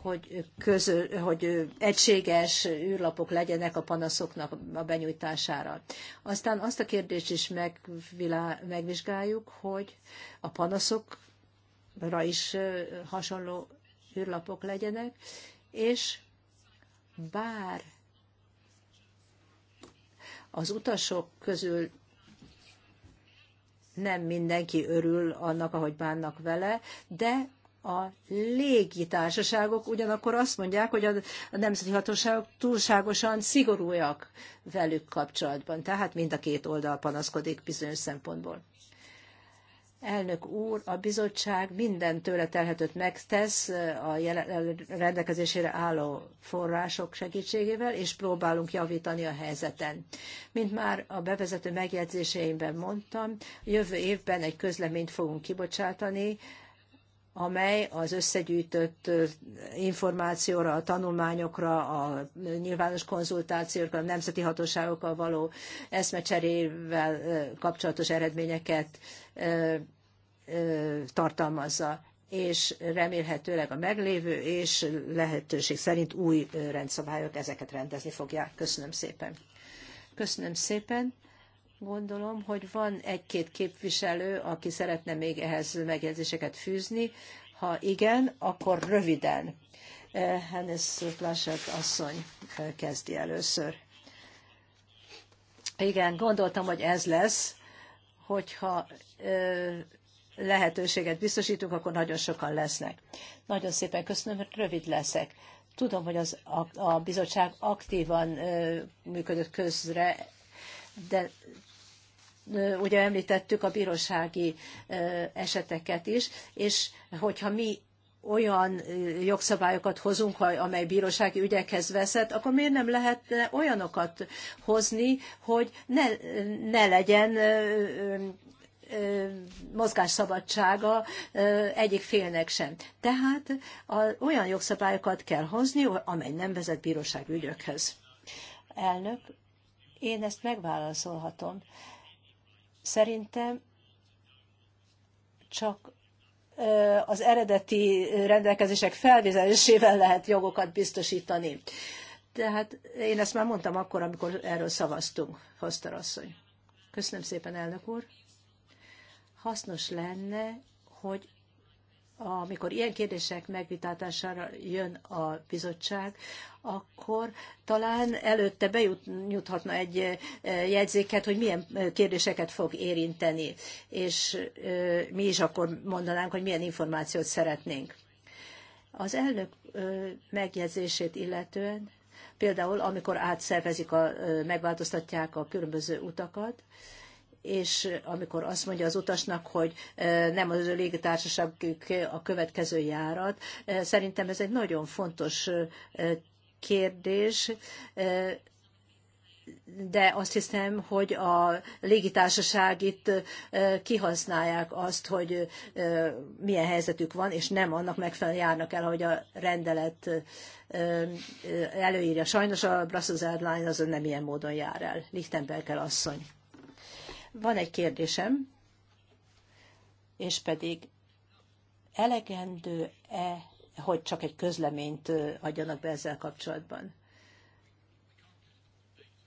hogy, közö, hogy egységes űrlapok legyenek a panaszoknak a benyújtására. Aztán azt a kérdést is megvilá, megvizsgáljuk, hogy a panaszokra is hasonló űrlapok legyenek, és bár az utasok közül nem mindenki örül annak, ahogy bánnak vele, de a légitársaságok ugyanakkor azt mondják, hogy a nemzeti hatóságok túlságosan szigorúak velük kapcsolatban. Tehát mind a két oldal panaszkodik bizonyos szempontból. Elnök úr, a bizottság minden tőle telhetőt megtesz a rendelkezésére álló források segítségével, és próbálunk javítani a helyzeten. Mint már a bevezető megjegyzéseimben mondtam, jövő évben egy közleményt fogunk kibocsátani amely az összegyűjtött információra, a tanulmányokra, a nyilvános konzultációkra, a nemzeti hatóságokkal való eszmecserével kapcsolatos eredményeket tartalmazza és remélhetőleg a meglévő és lehetőség szerint új rendszabályok ezeket rendezni fogják. Köszönöm szépen. Köszönöm szépen. Gondolom, hogy van egy-két képviselő, aki szeretne még ehhez megjegyzéseket fűzni. Ha igen, akkor röviden. Hennes eh, Plasert asszony eh, kezdi először. Igen, gondoltam, hogy ez lesz, hogyha eh, lehetőséget biztosítunk, akkor nagyon sokan lesznek. Nagyon szépen köszönöm, hogy rövid leszek. Tudom, hogy az, a, a bizottság aktívan ö, működött közre, de ugye említettük a bírósági eseteket is, és hogyha mi olyan jogszabályokat hozunk, amely bírósági ügyekhez veszett, akkor miért nem lehetne olyanokat hozni, hogy ne, ne legyen mozgásszabadsága egyik félnek sem. Tehát olyan jogszabályokat kell hozni, amely nem vezet bírósági ügyekhez Elnök, én ezt megválaszolhatom. Szerintem csak az eredeti rendelkezések felvizelésével lehet jogokat biztosítani. Tehát én ezt már mondtam akkor, amikor erről szavaztunk, Foster asszony. Köszönöm szépen, elnök úr. Hasznos lenne, hogy amikor ilyen kérdések megvitatására jön a bizottság, akkor talán előtte bejuthatna egy eh, jegyzéket, hogy milyen eh, kérdéseket fog érinteni, és eh, mi is akkor mondanánk, hogy milyen információt szeretnénk. Az elnök megjegyzését illetően, például amikor átszervezik, a, megváltoztatják a különböző utakat, és amikor azt mondja az utasnak, hogy e, nem az ő légitársaság a következő járat, e, szerintem ez egy nagyon fontos e, kérdés, de azt hiszem, hogy a légitársaság itt kihasználják azt, hogy milyen helyzetük van, és nem annak megfelelően járnak el, hogy a rendelet előírja. Sajnos a Brussels Airlines azon nem ilyen módon jár el. Lichtenberger asszony. Van egy kérdésem, és pedig elegendő-e, hogy csak egy közleményt adjanak be ezzel kapcsolatban?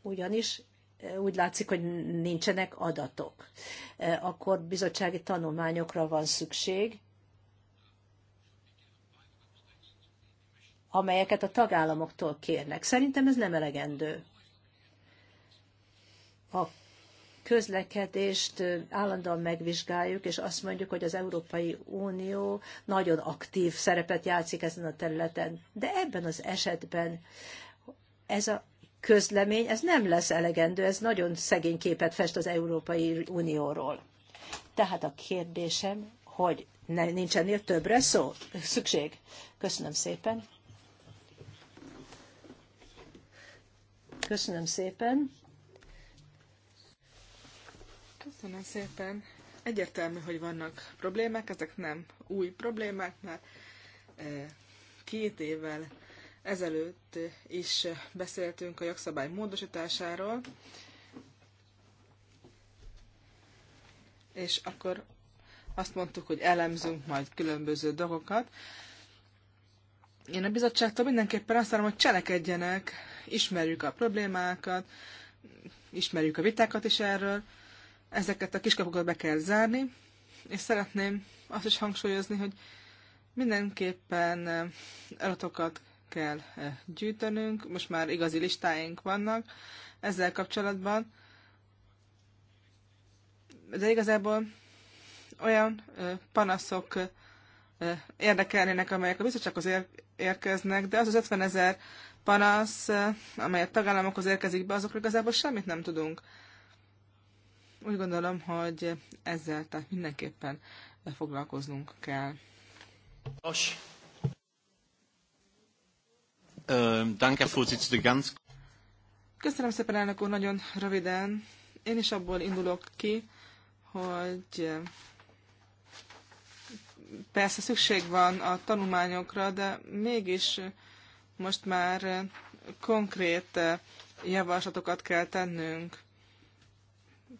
Ugyanis úgy látszik, hogy nincsenek adatok. Akkor bizottsági tanulmányokra van szükség, amelyeket a tagállamoktól kérnek. Szerintem ez nem elegendő. A közlekedést állandóan megvizsgáljuk, és azt mondjuk, hogy az Európai Unió nagyon aktív szerepet játszik ezen a területen. De ebben az esetben ez a közlemény, ez nem lesz elegendő, ez nagyon szegény képet fest az Európai Unióról. Tehát a kérdésem, hogy ne, nincsen többre szó, szükség. Köszönöm szépen. Köszönöm szépen. Köszönöm szépen. Egyértelmű, hogy vannak problémák, ezek nem új problémák, mert e, két évvel ezelőtt is beszéltünk a jogszabály módosításáról, és akkor azt mondtuk, hogy elemzünk majd különböző dolgokat. Én a bizottságtól mindenképpen azt várom, hogy cselekedjenek, ismerjük a problémákat, ismerjük a vitákat is erről, ezeket a kiskapukat be kell zárni, és szeretném azt is hangsúlyozni, hogy mindenképpen eh, adatokat kell eh, gyűjtenünk, most már igazi listáink vannak ezzel kapcsolatban, de igazából olyan eh, panaszok érdekelnének, amelyek a bizottsághoz érkeznek, de az az 50 ezer panasz, amely a tagállamokhoz érkezik be, azokról igazából semmit nem tudunk. Úgy gondolom, hogy ezzel tehát mindenképpen foglalkoznunk kell. Nos. Danke, Köszönöm szépen, elnök úr, nagyon röviden. Én is abból indulok ki, hogy persze szükség van a tanulmányokra, de mégis most már konkrét javaslatokat kell tennünk.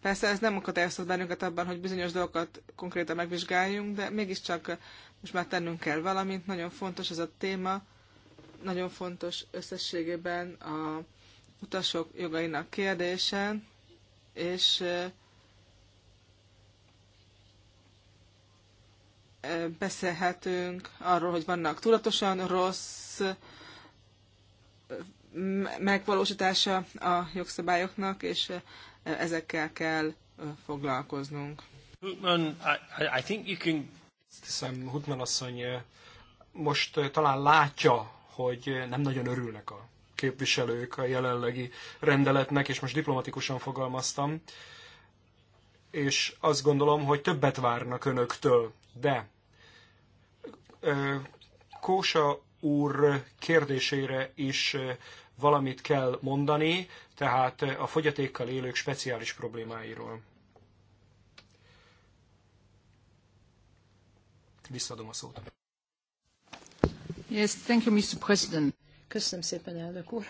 Persze ez nem akadályozhat bennünket abban, hogy bizonyos dolgokat konkrétan megvizsgáljunk, de mégiscsak most már tennünk kell valamint. Nagyon fontos ez a téma, nagyon fontos összességében a utasok jogainak kérdése, és beszélhetünk arról, hogy vannak tudatosan rossz megvalósítása a jogszabályoknak, és ezekkel kell foglalkoznunk. Hutman, I, I think you can... Hiszem, Hutman asszony most talán látja, hogy nem nagyon örülnek a képviselők a jelenlegi rendeletnek, és most diplomatikusan fogalmaztam, és azt gondolom, hogy többet várnak önöktől, de Kósa úr kérdésére is valamit kell mondani, tehát a fogyatékkal élők speciális problémáiról. Visszadom a szót. Yes, thank you, Mr. President. Köszönöm szépen, elnök úr.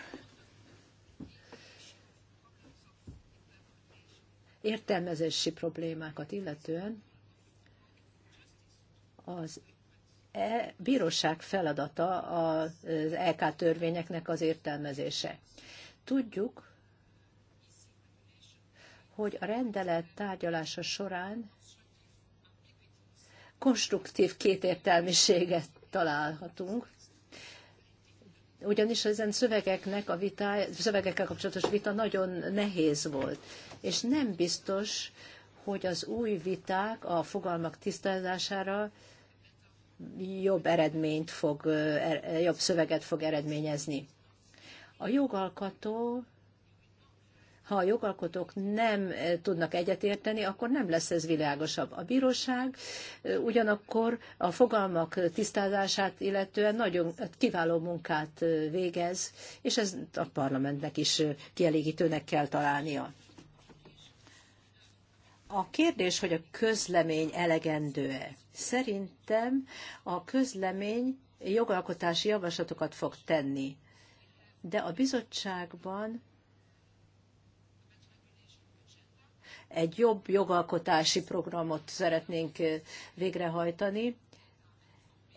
Értelmezési problémákat illetően az e bíróság feladata az LK e törvényeknek az értelmezése. Tudjuk, hogy a rendelet tárgyalása során konstruktív kétértelmiséget találhatunk, ugyanis ezen szövegeknek a vita, szövegekkel kapcsolatos vita nagyon nehéz volt, és nem biztos, hogy az új viták a fogalmak tisztázására jobb eredményt fog, er, jobb szöveget fog eredményezni. A jogalkotó, ha a jogalkotók nem tudnak egyetérteni, akkor nem lesz ez világosabb. A bíróság ugyanakkor a fogalmak tisztázását illetően nagyon kiváló munkát végez, és ez a parlamentnek is kielégítőnek kell találnia. A kérdés, hogy a közlemény elegendő-e? Szerintem a közlemény jogalkotási javaslatokat fog tenni, de a bizottságban egy jobb jogalkotási programot szeretnénk végrehajtani,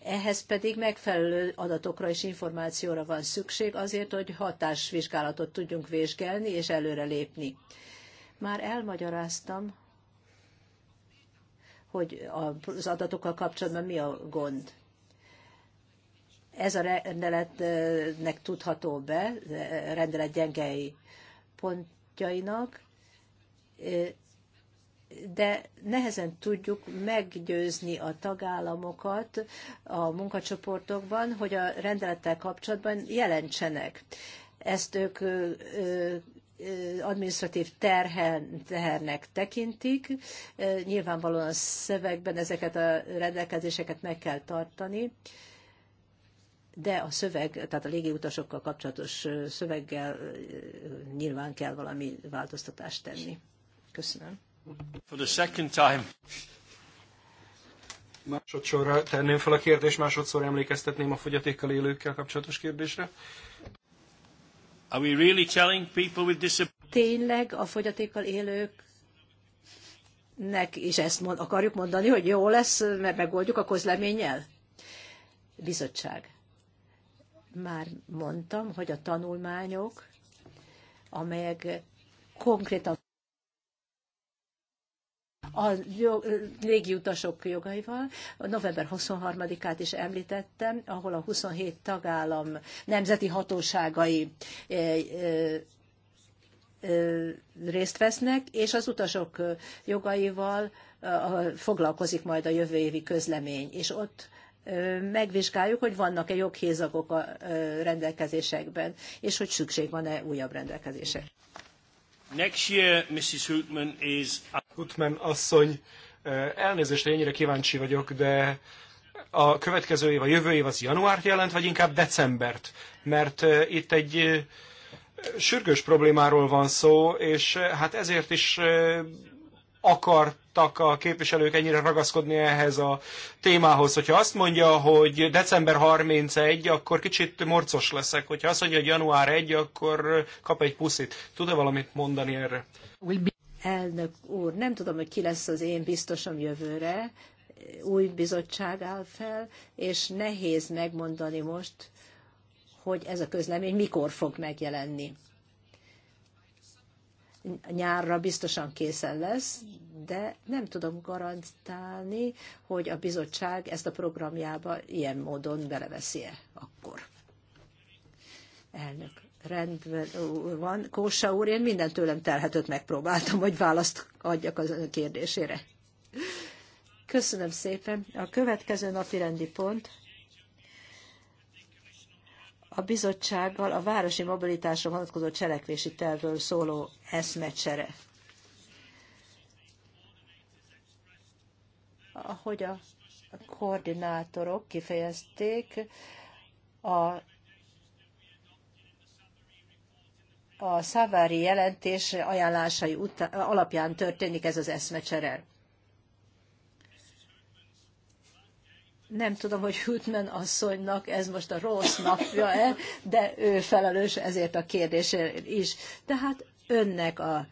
ehhez pedig megfelelő adatokra és információra van szükség azért, hogy hatásvizsgálatot tudjunk vizsgálni és előrelépni. Már elmagyaráztam, hogy az adatokkal kapcsolatban mi a gond. Ez a rendeletnek tudható be, rendelet gyengei pontjainak, de nehezen tudjuk meggyőzni a tagállamokat a munkacsoportokban, hogy a rendelettel kapcsolatban jelentsenek. Ezt ők administratív terhen, tehernek tekintik. Nyilvánvalóan a szövegben ezeket a rendelkezéseket meg kell tartani, de a szöveg, tehát a légiutasokkal kapcsolatos szöveggel nyilván kell valami változtatást tenni. Köszönöm. For the second time. Másodszorra tenném fel a kérdést, másodszor emlékeztetném a fogyatékkal élőkkel kapcsolatos kérdésre. Are we really telling people with Tényleg a fogyatékkal élők és is ezt mond, akarjuk mondani, hogy jó lesz, mert megoldjuk a közleménnyel? Bizottság. Már mondtam, hogy a tanulmányok, amelyek konkrétan a jog, légiutasok jogaival. November 23-át is említettem, ahol a 27 tagállam nemzeti hatóságai részt vesznek, és az utasok jogaival foglalkozik majd a jövő évi közlemény, és ott megvizsgáljuk, hogy vannak-e joghézagok a rendelkezésekben, és hogy szükség van-e újabb rendelkezések. Next year, Mrs. Hootman is Gutman asszony, elnézést, hogy ennyire kíváncsi vagyok, de a következő év, a jövő év az januárt jelent, vagy inkább decembert? Mert itt egy sürgős problémáról van szó, és hát ezért is akartak a képviselők ennyire ragaszkodni ehhez a témához. Hogyha azt mondja, hogy december 31, akkor kicsit morcos leszek. Hogyha azt mondja, hogy január 1, akkor kap egy puszit. Tud-e valamit mondani erre? elnök úr, nem tudom, hogy ki lesz az én biztosom jövőre, új bizottság áll fel, és nehéz megmondani most, hogy ez a közlemény mikor fog megjelenni. Nyárra biztosan készen lesz, de nem tudom garantálni, hogy a bizottság ezt a programjába ilyen módon beleveszi-e akkor. Elnök. Rendben van. Kósa úr, én minden tőlem telhetőt megpróbáltam, hogy választ adjak az ön kérdésére. Köszönöm szépen. A következő napi rendi pont a bizottsággal a városi mobilitásra vonatkozó cselekvési tervről szóló eszmecsere. Ahogy a koordinátorok kifejezték, a a Szavári jelentés ajánlásai alapján történik ez az eszmecsere. Nem tudom, hogy Hütmen asszonynak ez most a rossz napja-e, de ő felelős ezért a kérdésért is. Tehát önnek a,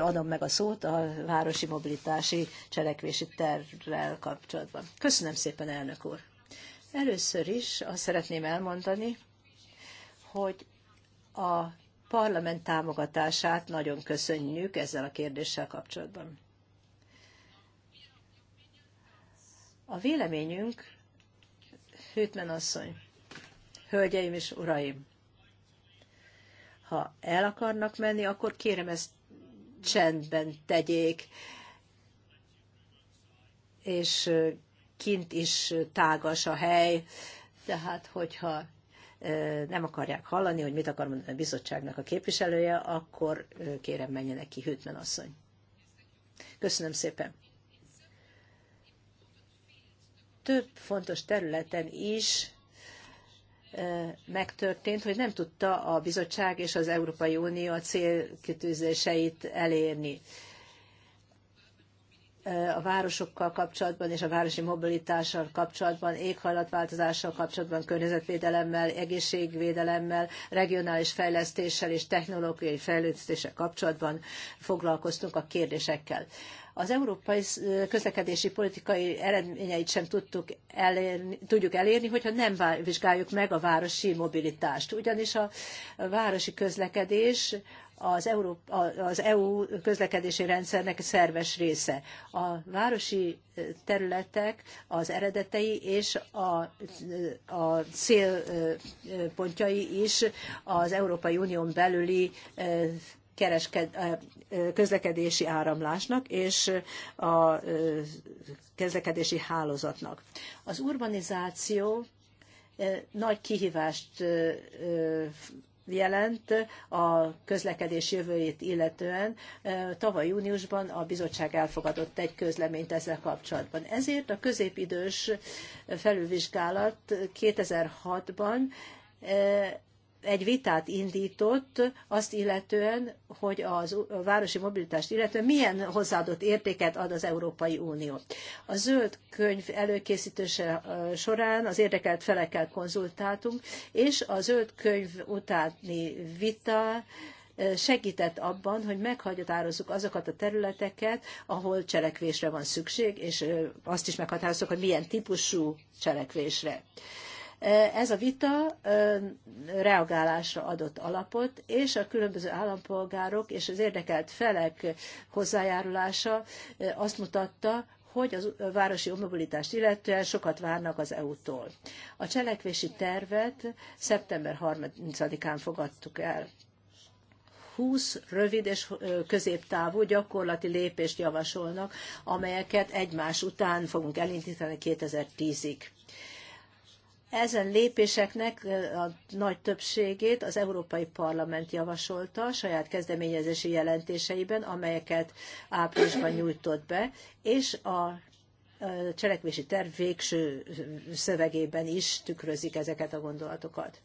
adom meg a szót a városi mobilitási cselekvési tervrel kapcsolatban. Köszönöm szépen, elnök úr! Először is azt szeretném elmondani, hogy a parlament támogatását nagyon köszönjük ezzel a kérdéssel kapcsolatban. A véleményünk, Hűtmen asszony, hölgyeim és uraim, ha el akarnak menni, akkor kérem ezt csendben tegyék, és kint is tágas a hely, tehát hogyha nem akarják hallani, hogy mit akar mondani a bizottságnak a képviselője, akkor kérem menjenek ki, Hütmen asszony. Köszönöm szépen. Több fontos területen is megtörtént, hogy nem tudta a bizottság és az Európai Unió a célkitűzéseit elérni. Eh, a városokkal kapcsolatban és a városi mobilitással kapcsolatban, éghajlatváltozással kapcsolatban, környezetvédelemmel, egészségvédelemmel, regionális fejlesztéssel és technológiai fejlesztéssel kapcsolatban foglalkoztunk a kérdésekkel. Az európai eh, közlekedési politikai eredményeit sem tudtuk elérni, tudjuk elérni, hogyha nem vizsgáljuk meg a városi mobilitást. Ugyanis a városi közlekedés az, Európa, az EU közlekedési rendszernek szerves része. A városi területek az eredetei és a, a célpontjai is az Európai Unión belüli közlekedési áramlásnak és a közlekedési hálózatnak. Az urbanizáció nagy kihívást jelent a közlekedés jövőjét illetően. Tavaly júniusban a bizottság elfogadott egy közleményt ezzel kapcsolatban. Ezért a középidős felülvizsgálat 2006-ban egy vitát indított azt illetően, hogy az a városi mobilitást illetően milyen hozzáadott értéket ad az Európai Unió. A zöld könyv előkészítése során az érdekelt felekkel konzultáltunk, és a zöld könyv utáni vita segített abban, hogy meghatározzuk azokat a területeket, ahol cselekvésre van szükség, és azt is meghatároztuk, hogy milyen típusú cselekvésre. Ez a vita reagálásra adott alapot, és a különböző állampolgárok és az érdekelt felek hozzájárulása azt mutatta, hogy a városi mobilitást illetően sokat várnak az EU-tól. A cselekvési tervet szeptember 30-án fogadtuk el. 20 rövid és középtávú gyakorlati lépést javasolnak, amelyeket egymás után fogunk elindítani 2010-ig. Ezen lépéseknek a nagy többségét az Európai Parlament javasolta saját kezdeményezési jelentéseiben, amelyeket áprilisban nyújtott be, és a cselekvési terv végső szövegében is tükrözik ezeket a gondolatokat.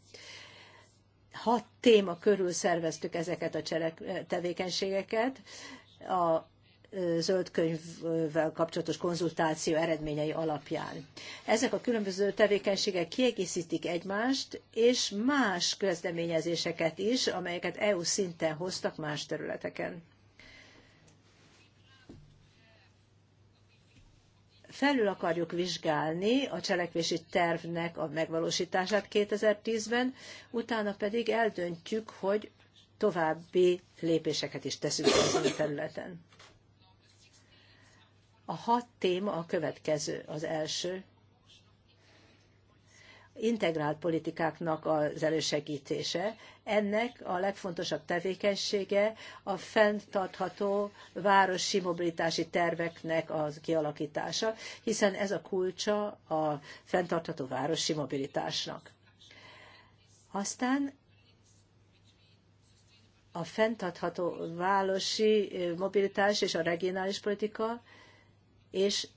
Hat téma körül szerveztük ezeket a cselek- tevékenységeket. A zöld könyvvel kapcsolatos konzultáció eredményei alapján. Ezek a különböző tevékenységek kiegészítik egymást, és más kezdeményezéseket is, amelyeket EU szinten hoztak más területeken. Felül akarjuk vizsgálni a cselekvési tervnek a megvalósítását 2010-ben, utána pedig eldöntjük, hogy további lépéseket is teszünk ezen a területen. A hat téma a következő. Az első, integrált politikáknak az elősegítése. Ennek a legfontosabb tevékenysége a fenntartható városi mobilitási terveknek az kialakítása, hiszen ez a kulcsa a fenntartható városi mobilitásnak. Aztán a fenntartható városi mobilitás és a regionális politika és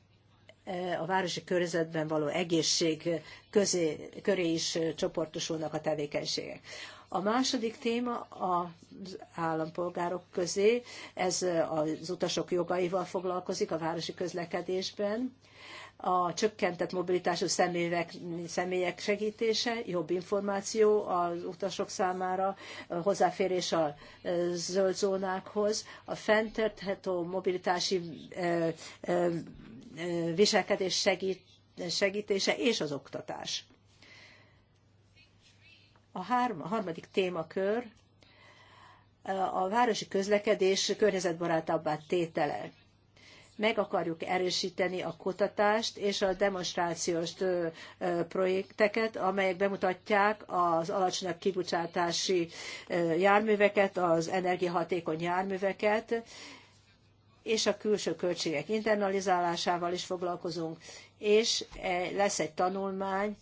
e, a városi körzetben való egészség közé, köré is csoportosulnak a tevékenységek. A második téma az állampolgárok közé, ez az utasok jogaival foglalkozik a városi közlekedésben, a csökkentett mobilitású személyek, személyek segítése, jobb információ az utasok számára, hozzáférés a zöld zónákhoz, a fenntartható mobilitási viselkedés segít, segítése és az oktatás. A, hárma, a harmadik témakör a városi közlekedés környezetbarátabbá tétele meg akarjuk erősíteni a kutatást és a demonstrációs projekteket, amelyek bemutatják az alacsonyabb kibocsátási járműveket, az energiahatékony járműveket, és a külső költségek internalizálásával is foglalkozunk, és e, lesz egy tanulmány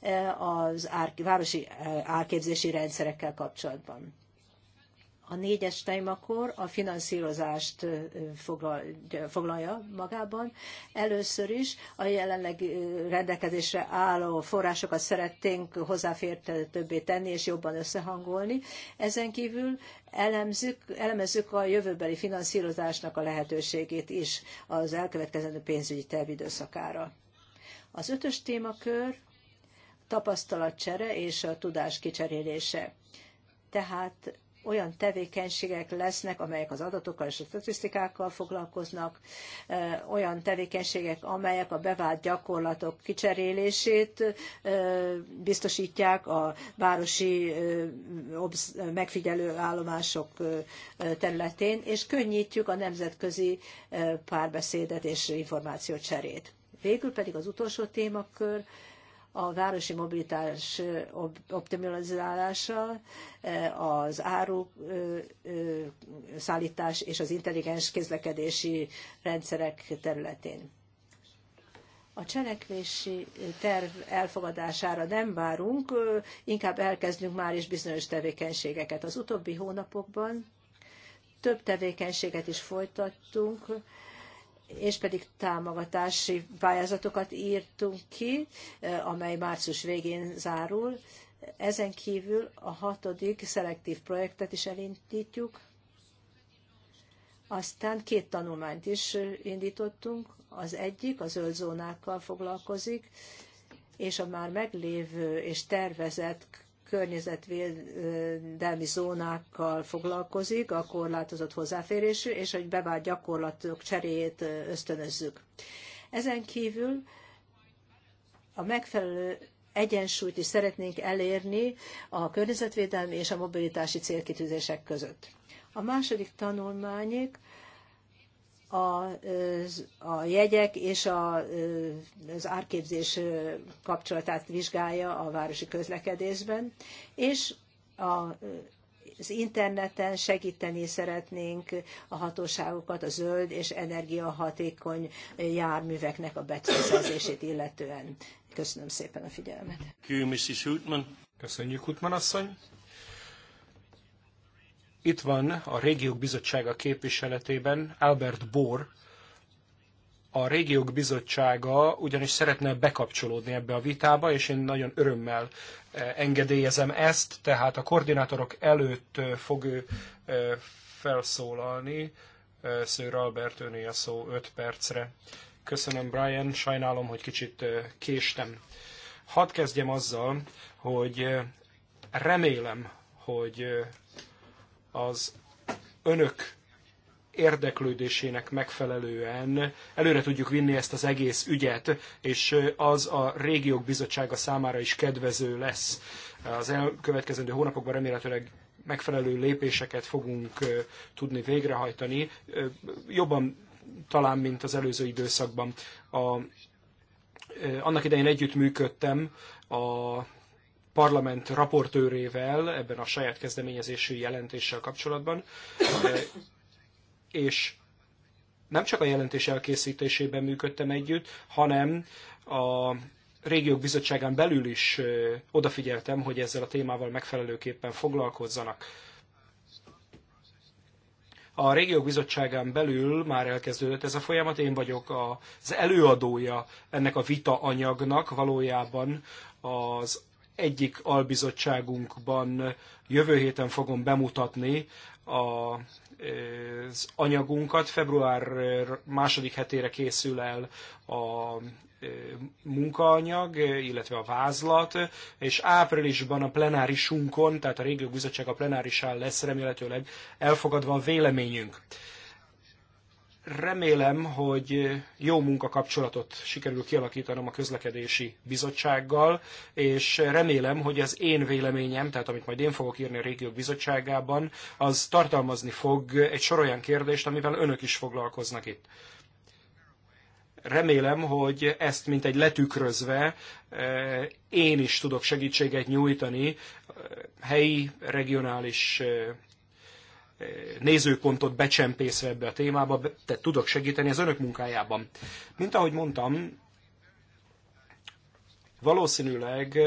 e, az városi e, árképzési rendszerekkel kapcsolatban. A négyes témakor a finanszírozást foglalja magában. Először is a jelenleg rendelkezésre álló forrásokat szeretnénk hozzáférhetőbbé tenni és jobban összehangolni. Ezen kívül elemzük, elemezzük a jövőbeli finanszírozásnak a lehetőségét is az elkövetkezendő pénzügyi tervidőszakára. Az ötös témakör tapasztalatcsere és a tudás kicserélése. Tehát olyan tevékenységek lesznek, amelyek az adatokkal és a statisztikákkal foglalkoznak, olyan tevékenységek, amelyek a bevált gyakorlatok kicserélését biztosítják a városi megfigyelő állomások területén, és könnyítjük a nemzetközi párbeszédet és információcserét. Végül pedig az utolsó témakör, a városi mobilitás optimalizálása, az áru szállítás és az intelligens közlekedési rendszerek területén. A cselekvési terv elfogadására nem várunk, inkább elkezdünk már is bizonyos tevékenységeket. Az utóbbi hónapokban több tevékenységet is folytattunk, és pedig támogatási pályázatokat írtunk ki, amely március végén zárul. Ezen kívül a hatodik szelektív projektet is elindítjuk. Aztán két tanulmányt is indítottunk. Az egyik a zöld zónákkal foglalkozik, és a már meglévő és tervezett környezetvédelmi zónákkal foglalkozik, a korlátozott hozzáférésű, és hogy bevált gyakorlatok cseréjét ösztönözzük. Ezen kívül a megfelelő egyensúlyt is szeretnénk elérni a környezetvédelmi és a mobilitási célkitűzések között. A második tanulmányik a, a jegyek és a, az árképzés kapcsolatát vizsgálja a városi közlekedésben, és a az interneten segíteni szeretnénk a hatóságokat a zöld és energiahatékony járműveknek a beszerzését illetően. Köszönöm szépen a figyelmet. Köszönjük, Hutman asszony. Itt van a Régiók Bizottsága képviseletében Albert Bohr, a régiók bizottsága ugyanis szeretne bekapcsolódni ebbe a vitába, és én nagyon örömmel eh, engedélyezem ezt, tehát a koordinátorok előtt eh, fog ő eh, felszólalni. Szőr Albert, öné a szó 5 percre. Köszönöm, Brian, sajnálom, hogy kicsit késtem. Hadd kezdjem azzal, hogy remélem, hogy az önök érdeklődésének megfelelően előre tudjuk vinni ezt az egész ügyet, és az a régiók bizottsága számára is kedvező lesz. Az elkövetkezendő hónapokban remélhetőleg megfelelő lépéseket fogunk tudni végrehajtani, jobban talán, mint az előző időszakban. A, annak idején együttműködtem a parlament raportőrével ebben a saját kezdeményezésű jelentéssel kapcsolatban, és nem csak a jelentés elkészítésében működtem együtt, hanem a régiók bizottságán belül is odafigyeltem, hogy ezzel a témával megfelelőképpen foglalkozzanak. A régiók bizottságán belül már elkezdődött ez a folyamat, én vagyok az előadója ennek a vita anyagnak, valójában az egyik albizottságunkban jövő héten fogom bemutatni a, az anyagunkat. Február második hetére készül el a e, munkaanyag, illetve a vázlat, és áprilisban a plenárisunkon, tehát a régió bizottság a plenárisán lesz remélhetőleg elfogadva a véleményünk. Remélem, hogy jó munkakapcsolatot sikerül kialakítanom a közlekedési bizottsággal, és remélem, hogy az én véleményem, tehát amit majd én fogok írni a régiók bizottságában, az tartalmazni fog egy sor olyan kérdést, amivel önök is foglalkoznak itt remélem, hogy ezt mint egy letükrözve eh, én is tudok segítséget nyújtani eh, helyi, regionális eh, nézőpontot becsempészve ebbe a témába, te tudok segíteni az önök munkájában. Mint ahogy mondtam, valószínűleg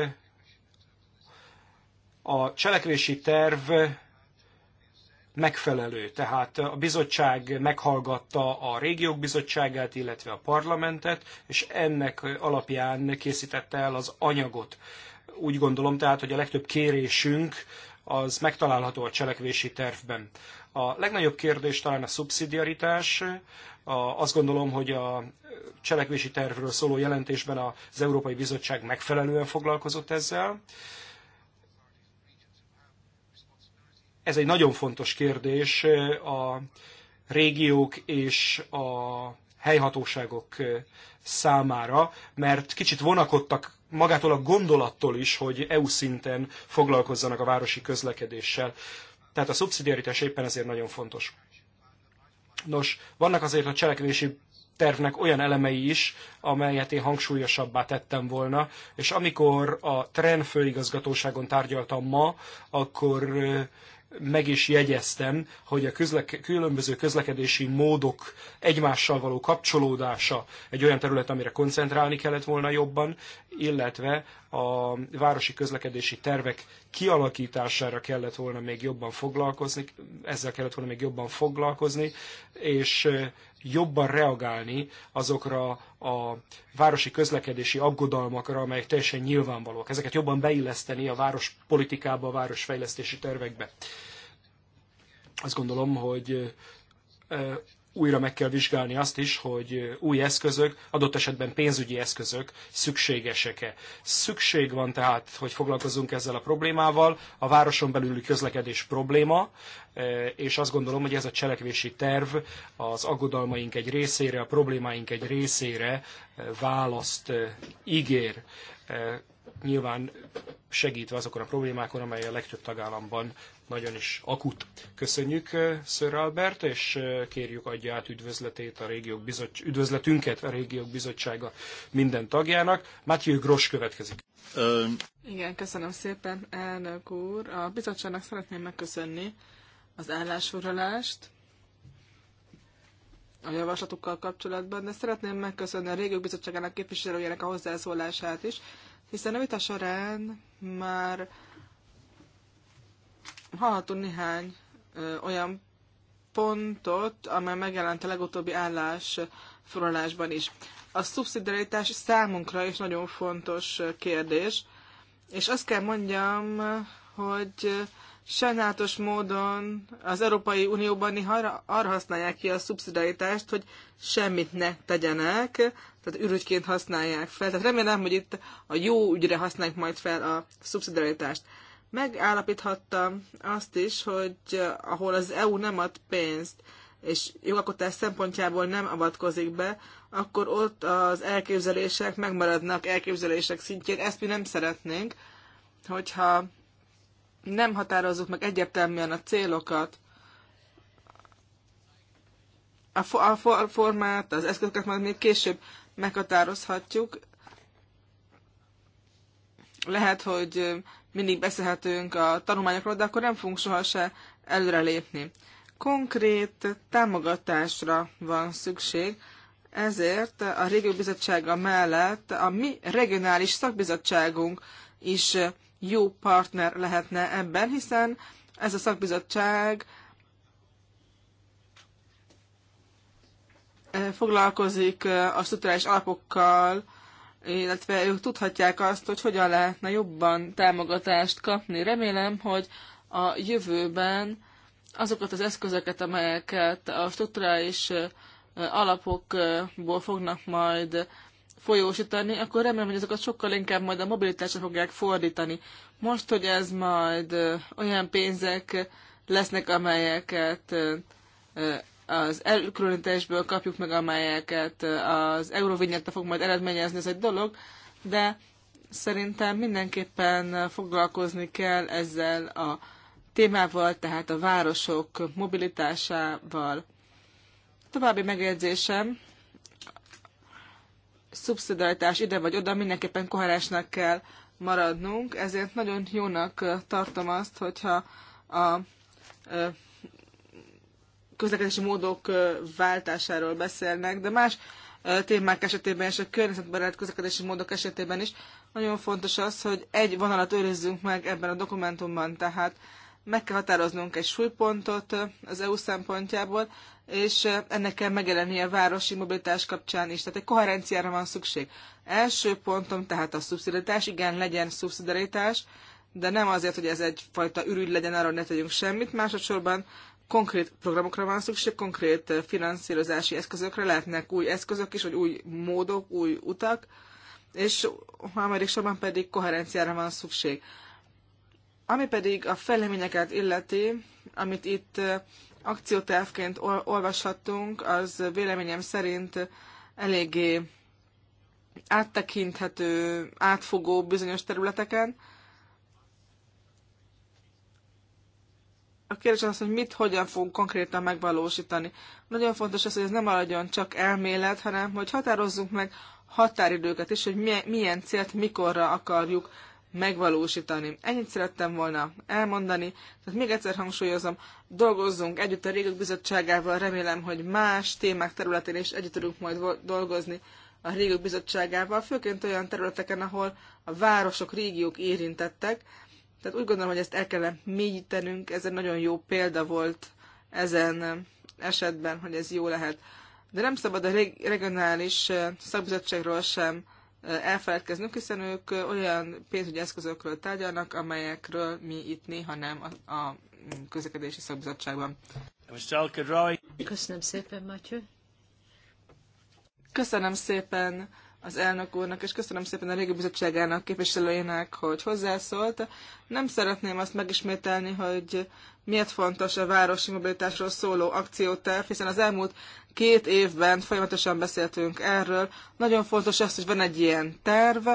a cselekvési terv megfelelő. Tehát a bizottság meghallgatta a régiók bizottságát, illetve a parlamentet, és ennek alapján készítette el az anyagot. Úgy gondolom tehát, hogy a legtöbb kérésünk az megtalálható a cselekvési tervben. A legnagyobb kérdés talán a szubszidiaritás. Azt gondolom, hogy a cselekvési tervről szóló jelentésben az Európai Bizottság megfelelően foglalkozott ezzel. Ez egy nagyon fontos kérdés a régiók és a helyhatóságok számára, mert kicsit vonakodtak magától a gondolattól is, hogy EU szinten foglalkozzanak a városi közlekedéssel. Tehát a szubszidiaritás éppen ezért nagyon fontos. Nos, vannak azért a cselekvési tervnek olyan elemei is, amelyet én hangsúlyosabbá tettem volna, és amikor a TREN főigazgatóságon tárgyaltam ma, akkor meg is jegyeztem, hogy a közlek- különböző közlekedési módok egymással való kapcsolódása egy olyan terület, amire koncentrálni kellett volna jobban, illetve a városi közlekedési tervek kialakítására kellett volna még jobban foglalkozni, ezzel kellett volna még jobban foglalkozni, és jobban reagálni azokra a városi közlekedési aggodalmakra, amelyek teljesen nyilvánvalóak Ezeket jobban beilleszteni a város politikába, a városfejlesztési tervekbe. Azt gondolom, hogy újra meg kell vizsgálni azt is, hogy új eszközök, adott esetben pénzügyi eszközök szükségesek-e. Szükség van tehát, hogy foglalkozunk ezzel a problémával. A városon belüli közlekedés probléma, e, és azt gondolom, hogy ez a cselekvési terv az aggodalmaink egy részére, a problémáink egy részére e, választ e, ígér nyilván segítve azokon a problémákon, amely a legtöbb tagállamban nagyon is akut. Köszönjük eh, Sir Albert, és eh, kérjük adja át üdvözletét a régiók bizottság, üdvözletünket a régiók bizottsága minden tagjának. Matthew Gross következik. Um. Igen, köszönöm szépen, elnök úr. A bizottságnak szeretném megköszönni az állásfoglalást a javaslatukkal kapcsolatban, de szeretném megköszönni a régiók bizottságának képviselőjének a hozzászólását is, hiszen a vita során már hallhatunk néhány ö, olyan pontot, amely megjelent a legutóbbi forralásban is. A szubszidiaritás számunkra is nagyon fontos kérdés, és azt kell mondjam, hogy Sajnálatos módon az Európai Unióban néha arra használják ki a szubszidaitást, hogy semmit ne tegyenek, tehát ürügyként használják fel. Tehát remélem, hogy itt a jó ügyre használják majd fel a szubszidaitást. Megállapíthattam azt is, hogy ahol az EU nem ad pénzt, és jogalkotás szempontjából nem avatkozik be, akkor ott az elképzelések megmaradnak elképzelések szintjén. Ezt mi nem szeretnénk, hogyha nem határozzuk meg egyértelműen a célokat, a, fo- a for- formát, az eszközöket majd még később meghatározhatjuk. Lehet, hogy mindig beszélhetünk a tanulmányokról, de akkor nem fogunk soha se előrelépni. Konkrét támogatásra van szükség, ezért a régió bizottsága mellett a mi regionális szakbizottságunk is jó partner lehetne ebben, hiszen ez a szakbizottság eh, foglalkozik eh, a strukturális alapokkal, illetve ők tudhatják azt, hogy hogyan lehetne jobban támogatást kapni. Remélem, hogy a jövőben azokat az eszközöket, amelyeket a strukturális eh, alapokból fognak majd folyósítani, akkor remélem, hogy azokat sokkal inkább majd a mobilitásra fogják fordítani. Most, hogy ez majd olyan pénzek lesznek, amelyeket az elkülönítésből kapjuk meg, amelyeket az euróvinyetta fog majd eredményezni, ez egy dolog, de szerintem mindenképpen foglalkozni kell ezzel a témával, tehát a városok mobilitásával. További megjegyzésem, szubszidaritás ide vagy oda, mindenképpen koherensnek kell maradnunk, ezért nagyon jónak tartom azt, hogyha a közlekedési módok váltásáról beszélnek, de más témák esetében és a környezetbarát közlekedési módok esetében is nagyon fontos az, hogy egy vonalat őrizzünk meg ebben a dokumentumban, tehát meg kell határoznunk egy súlypontot az EU szempontjából, és ennek kell megjelennie a városi mobilitás kapcsán is. Tehát egy koherenciára van szükség. Első pontom tehát a szubszidaritás, igen, legyen szubszidaritás, de nem azért, hogy ez egyfajta ürügy legyen, arra ne tegyünk semmit. Másodszorban konkrét programokra van szükség, konkrét finanszírozási eszközökre, lehetnek új eszközök is, vagy új módok, új utak, és harmadik sorban pedig koherenciára van szükség. Ami pedig a fejleményeket illeti, amit itt akciótervként olvashattunk, az véleményem szerint eléggé áttekinthető, átfogó bizonyos területeken. A kérdés az, hogy mit, hogyan fogunk konkrétan megvalósítani. Nagyon fontos az, hogy ez nem maradjon csak elmélet, hanem hogy határozzunk meg határidőket is, hogy milyen, milyen célt mikorra akarjuk megvalósítani. Ennyit szerettem volna elmondani, tehát még egyszer hangsúlyozom, dolgozzunk együtt a Régők Bizottságával, remélem, hogy más témák területén is együtt tudunk majd dolgozni a Régők Bizottságával, főként olyan területeken, ahol a városok, régiók érintettek. Tehát úgy gondolom, hogy ezt el kellene mélyítenünk, ez egy nagyon jó példa volt ezen esetben, hogy ez jó lehet. De nem szabad a regionális szakbizottságról sem elfeledkeznünk, hiszen ők olyan pénzügyi eszközökről tárgyalnak, amelyekről mi itt néha nem a, a közlekedési szakbizottságban. Köszönöm szépen, Matyő. Köszönöm szépen az elnök úrnak, és köszönöm szépen a régi bizottságának képviselőjének, hogy hozzászólt. Nem szeretném azt megismételni, hogy miért fontos a városi mobilitásról szóló akcióterv, hiszen az elmúlt két évben folyamatosan beszéltünk erről. Nagyon fontos az, hogy van egy ilyen terv.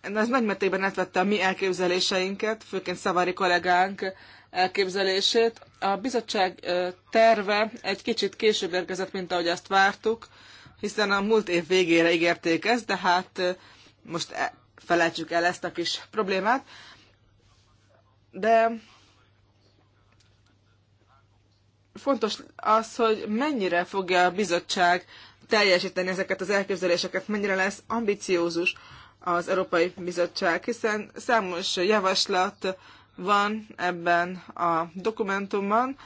Ez nagy mértékben átvette a mi elképzeléseinket, főként Szavari kollégánk elképzelését. A bizottság terve egy kicsit később érkezett, mint ahogy azt vártuk, hiszen a múlt év végére ígérték ezt, de hát most e- felejtsük el ezt a kis problémát de fontos az, hogy mennyire fogja a bizottság teljesíteni ezeket az elképzeléseket, mennyire lesz ambiciózus az Európai Bizottság, hiszen számos javaslat van ebben a dokumentumban,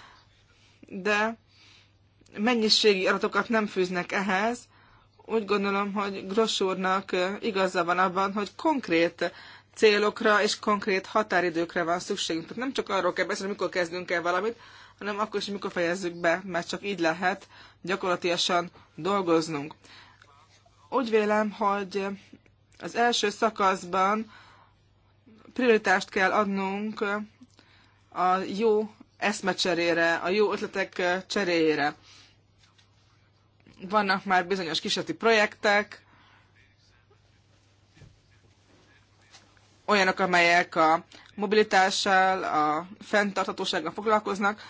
de mennyiségi adatokat nem fűznek ehhez. Úgy gondolom, hogy Gross úrnak igaza van abban, hogy konkrét célokra és konkrét határidőkre van szükségünk. Tehát nem csak arról kell beszélni, mikor kezdünk el valamit, hanem akkor is, mikor fejezzük be, mert csak így lehet gyakorlatilag dolgoznunk. Úgy vélem, hogy az első szakaszban prioritást kell adnunk a jó eszmecserére, a jó ötletek cseréjére. Vannak már bizonyos kiseti projektek, olyanok, amelyek a mobilitással, a fenntarthatósággal foglalkoznak,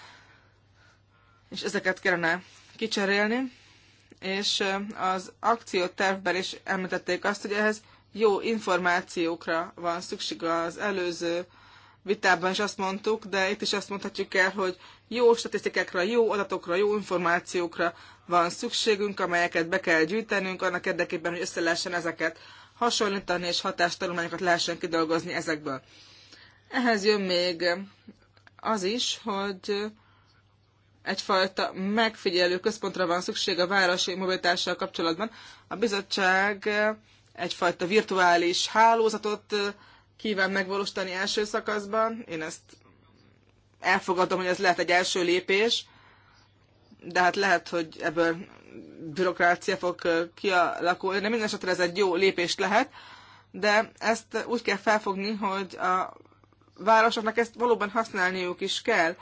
és ezeket kellene kicserélni. És az akciótervben is említették azt, hogy ehhez jó információkra van szükség az előző vitában is azt mondtuk, de itt is azt mondhatjuk el, hogy jó statisztikákra, jó adatokra, jó információkra van szükségünk, amelyeket be kell gyűjtenünk annak érdekében, hogy össze lehessen ezeket hasonlítani és hatástanulmányokat lehessen kidolgozni ezekből. Ehhez jön még az is, hogy egyfajta megfigyelő központra van szükség a városi mobilitással kapcsolatban. A bizottság egyfajta virtuális hálózatot kíván megvalósítani első szakaszban. Én ezt elfogadom, hogy ez lehet egy első lépés, de hát lehet, hogy ebből bürokrácia fog kialakulni. De minden esetre ez egy jó lépés lehet, de ezt úgy kell felfogni, hogy a városoknak ezt valóban használniuk is kell,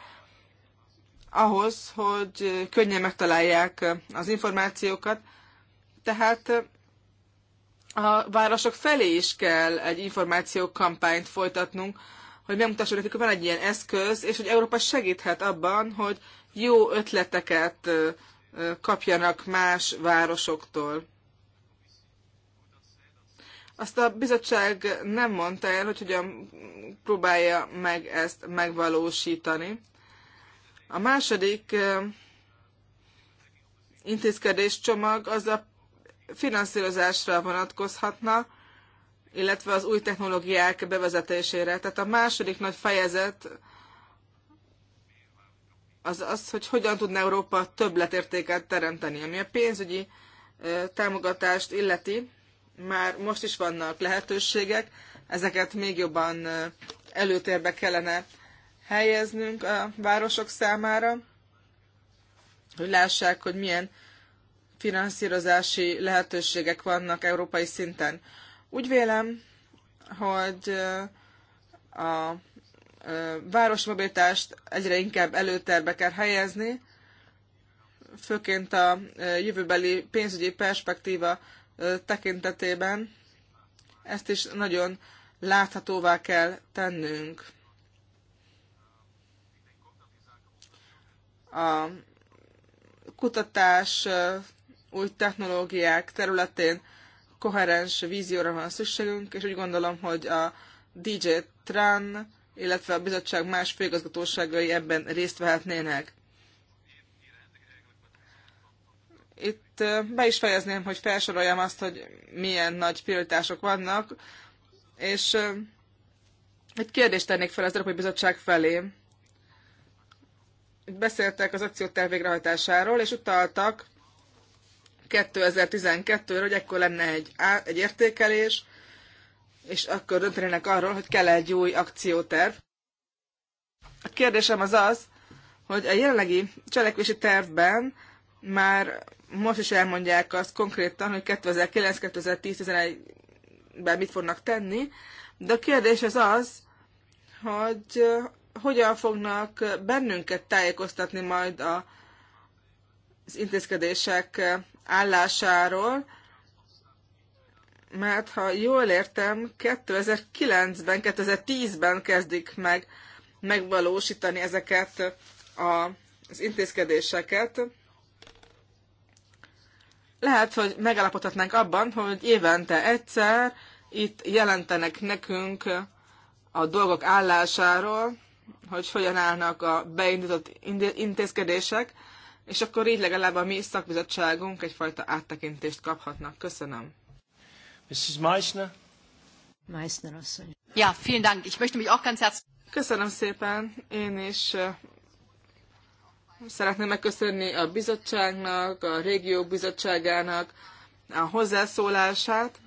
ahhoz, hogy könnyen megtalálják az információkat. Tehát a városok felé is kell egy információkampányt folytatnunk, hogy megmutassuk nekik, hogy van egy ilyen eszköz, és hogy Európa segíthet abban, hogy jó ötleteket kapjanak más városoktól. Azt a bizottság nem mondta el, hogy hogyan próbálja meg ezt megvalósítani. A második intézkedéscsomag az a finanszírozásra vonatkozhatna, illetve az új technológiák bevezetésére. Tehát a második nagy fejezet az az, hogy hogyan tudna Európa többletértéket teremteni. Ami a pénzügyi támogatást illeti, már most is vannak lehetőségek, ezeket még jobban előtérbe kellene helyeznünk a városok számára, hogy lássák, hogy milyen finanszírozási lehetőségek vannak európai szinten. Úgy vélem, hogy a városmobilitást egyre inkább előterbe kell helyezni, főként a jövőbeli pénzügyi perspektíva tekintetében. Ezt is nagyon láthatóvá kell tennünk. A kutatás új technológiák területén koherens vízióra van szükségünk, és úgy gondolom, hogy a DJ Tran illetve a bizottság más főigazgatóságai ebben részt vehetnének. Itt be is fejezném, hogy felsoroljam azt, hogy milyen nagy prioritások vannak, és egy kérdést tennék fel az Európai Bizottság felé. Beszéltek az akcióterv végrehajtásáról, és utaltak 2012-ről, hogy ekkor lenne egy, egy értékelés, és akkor döntenének arról, hogy kell egy új akcióterv. A kérdésem az az, hogy a jelenlegi cselekvési tervben már most is elmondják azt konkrétan, hogy 2009-2010-11-ben mit fognak tenni, de a kérdés az az, hogy eh, hogyan fognak bennünket tájékoztatni majd a, az intézkedések eh, állásáról, mert ha jól értem, 2009-ben, 2010-ben kezdik meg megvalósítani ezeket a, az intézkedéseket. Lehet, hogy megállapodhatnánk abban, hogy évente egyszer itt jelentenek nekünk a dolgok állásáról, hogy hogyan állnak a beindított intézkedések, és akkor így legalább a mi szakbizottságunk egyfajta áttekintést kaphatnak. Köszönöm. Mrs. Meissner? Meissner asszony. Ja, vielen Dank. Ich möchte mich auch ganz herzlich... Köszönöm szépen. Én is szeretném megköszönni a bizottságnak, a régió bizottságának a hozzászólását.